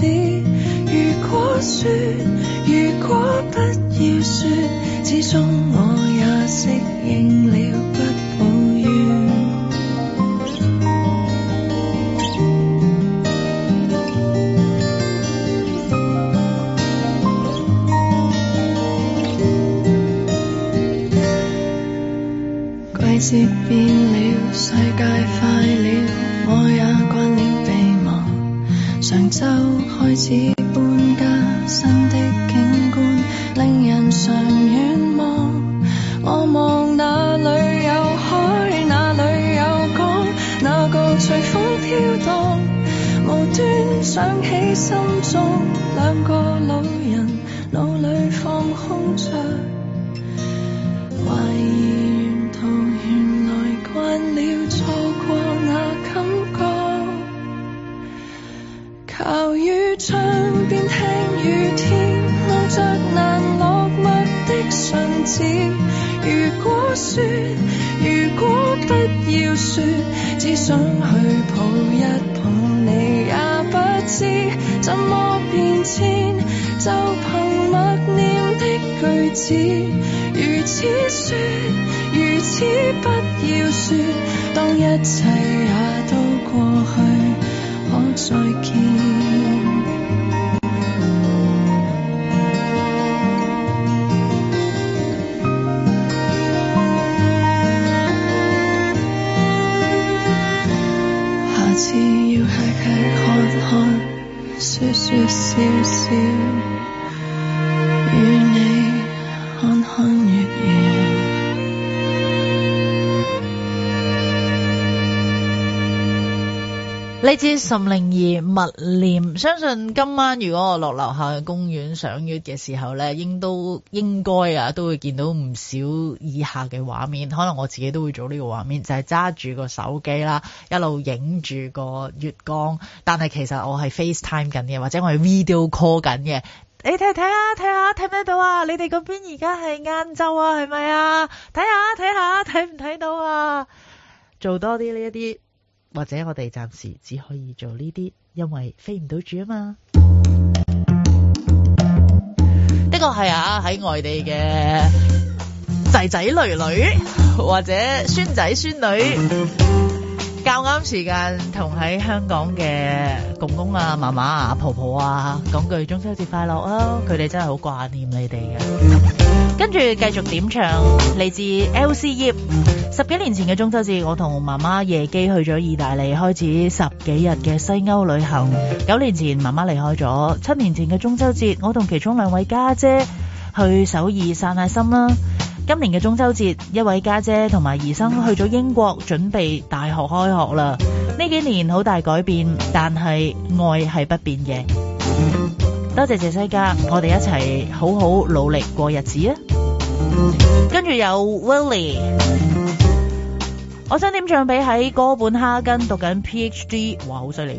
如果說，如果不要說，始終我也適應了不，不抱怨。季節變了，世界快了，我也。長州開始搬家，新的景觀令人常遠望。我望哪裏有海，哪裏有港，哪、那個隨風飄蕩。無端想起心中兩個老。十零二勿念，相信今晚如果我落樓下公園賞月嘅時候咧，應都應該啊，都會見到唔少以下嘅畫面。可能我自己都會做呢個畫面，就係揸住個手機啦，一路影住個月光。但係其實我係 FaceTime 緊嘅，或者我係 Video Call 緊嘅。你睇睇下，睇下睇唔睇到啊？你哋嗰邊而家係晏晝啊？係咪啊？睇下睇下睇唔睇到啊？做多啲呢一啲。這些或者我哋暫時只可以做呢啲，因為飛唔到住啊嘛。的確係啊，喺外地嘅仔仔女女，或者孫仔孫女，較啱、嗯嗯、時間同喺香港嘅公公啊、嫲嫲啊、婆婆啊講句中秋節快樂啊，佢哋真係好掛念你哋嘅。跟住繼續點唱，嚟自 L C Y，嗯。十幾年前嘅中秋節，我同媽媽夜機去咗意大利，開始十幾日嘅西歐旅行。九年前媽媽離開咗，七年前嘅中秋節，我同其中兩位家姐去首爾散下心啦。今年嘅中秋節，一位家姐同埋姨甥去咗英國，準備大學開學啦。呢幾年好大改變，但係愛係不變嘅。多謝謝西加，我哋一齊好好努力過日子啊！ 跟住有 Willie， 我想點唱俾喺哥本哈根讀緊 PhD，哇好犀利，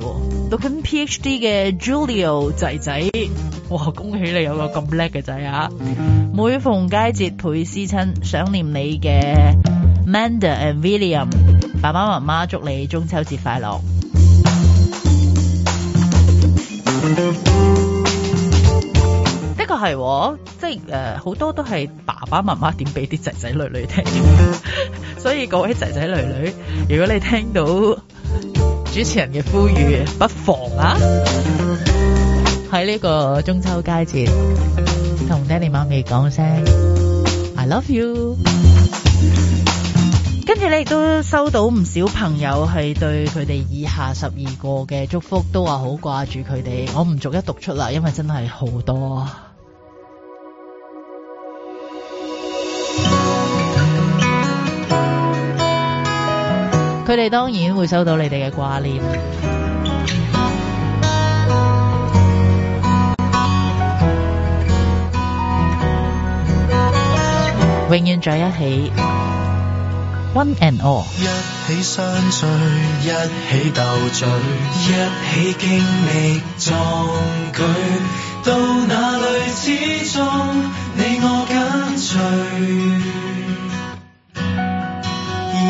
讀緊 PhD 嘅 Julio 仔仔，哇恭喜你有個咁叻嘅仔啊！ 每逢佳節倍思親，想念你嘅 Manda and William，爸爸媽媽祝你中秋節快樂。 係、哦哦，即係誒，好、呃、多都係爸爸媽媽點俾啲仔仔女女聽的， 所以各位仔仔女女，如果你聽到主持人嘅呼籲，不妨啊，喺呢個中秋佳節同爹哋媽咪講聲 I love you。跟住你亦都收到唔少朋友係對佢哋以下十二個嘅祝福，都話好掛住佢哋，我唔逐一讀出啦，因為真係好多。佢哋當然會收到你哋嘅掛念，永遠在一起。One and All，一起相聚，一起鬥嘴，一起經歷壯舉。到哪裏始終，你我跟隨。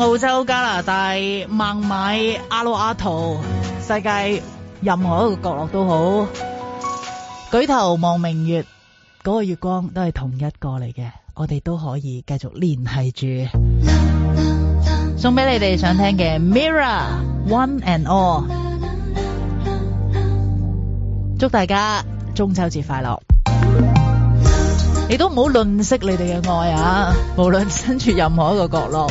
澳洲、加拿大、孟買、阿羅阿圖、世界任何一個角落都好，舉頭望明月，嗰、那個月光都係同一個嚟嘅，我哋都可以繼續聯繫住。 送俾你哋想聽嘅《Mirror One and All》，祝大家中秋節快樂。 你都唔好吝嗇你哋嘅愛啊，無論身處任何一個角落。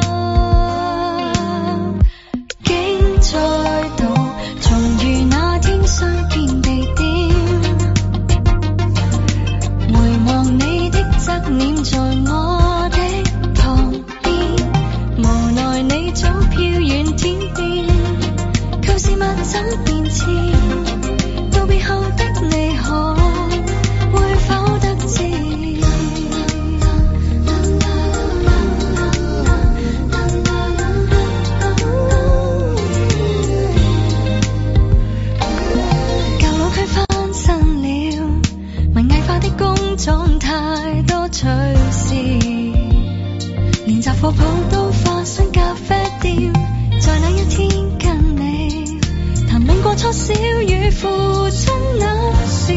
父親那時，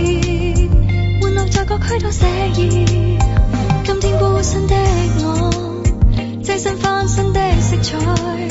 活落在各區都寫意。今天孤身的我，擠身翻新的色彩。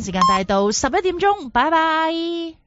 時間帶到十一點鐘，拜拜。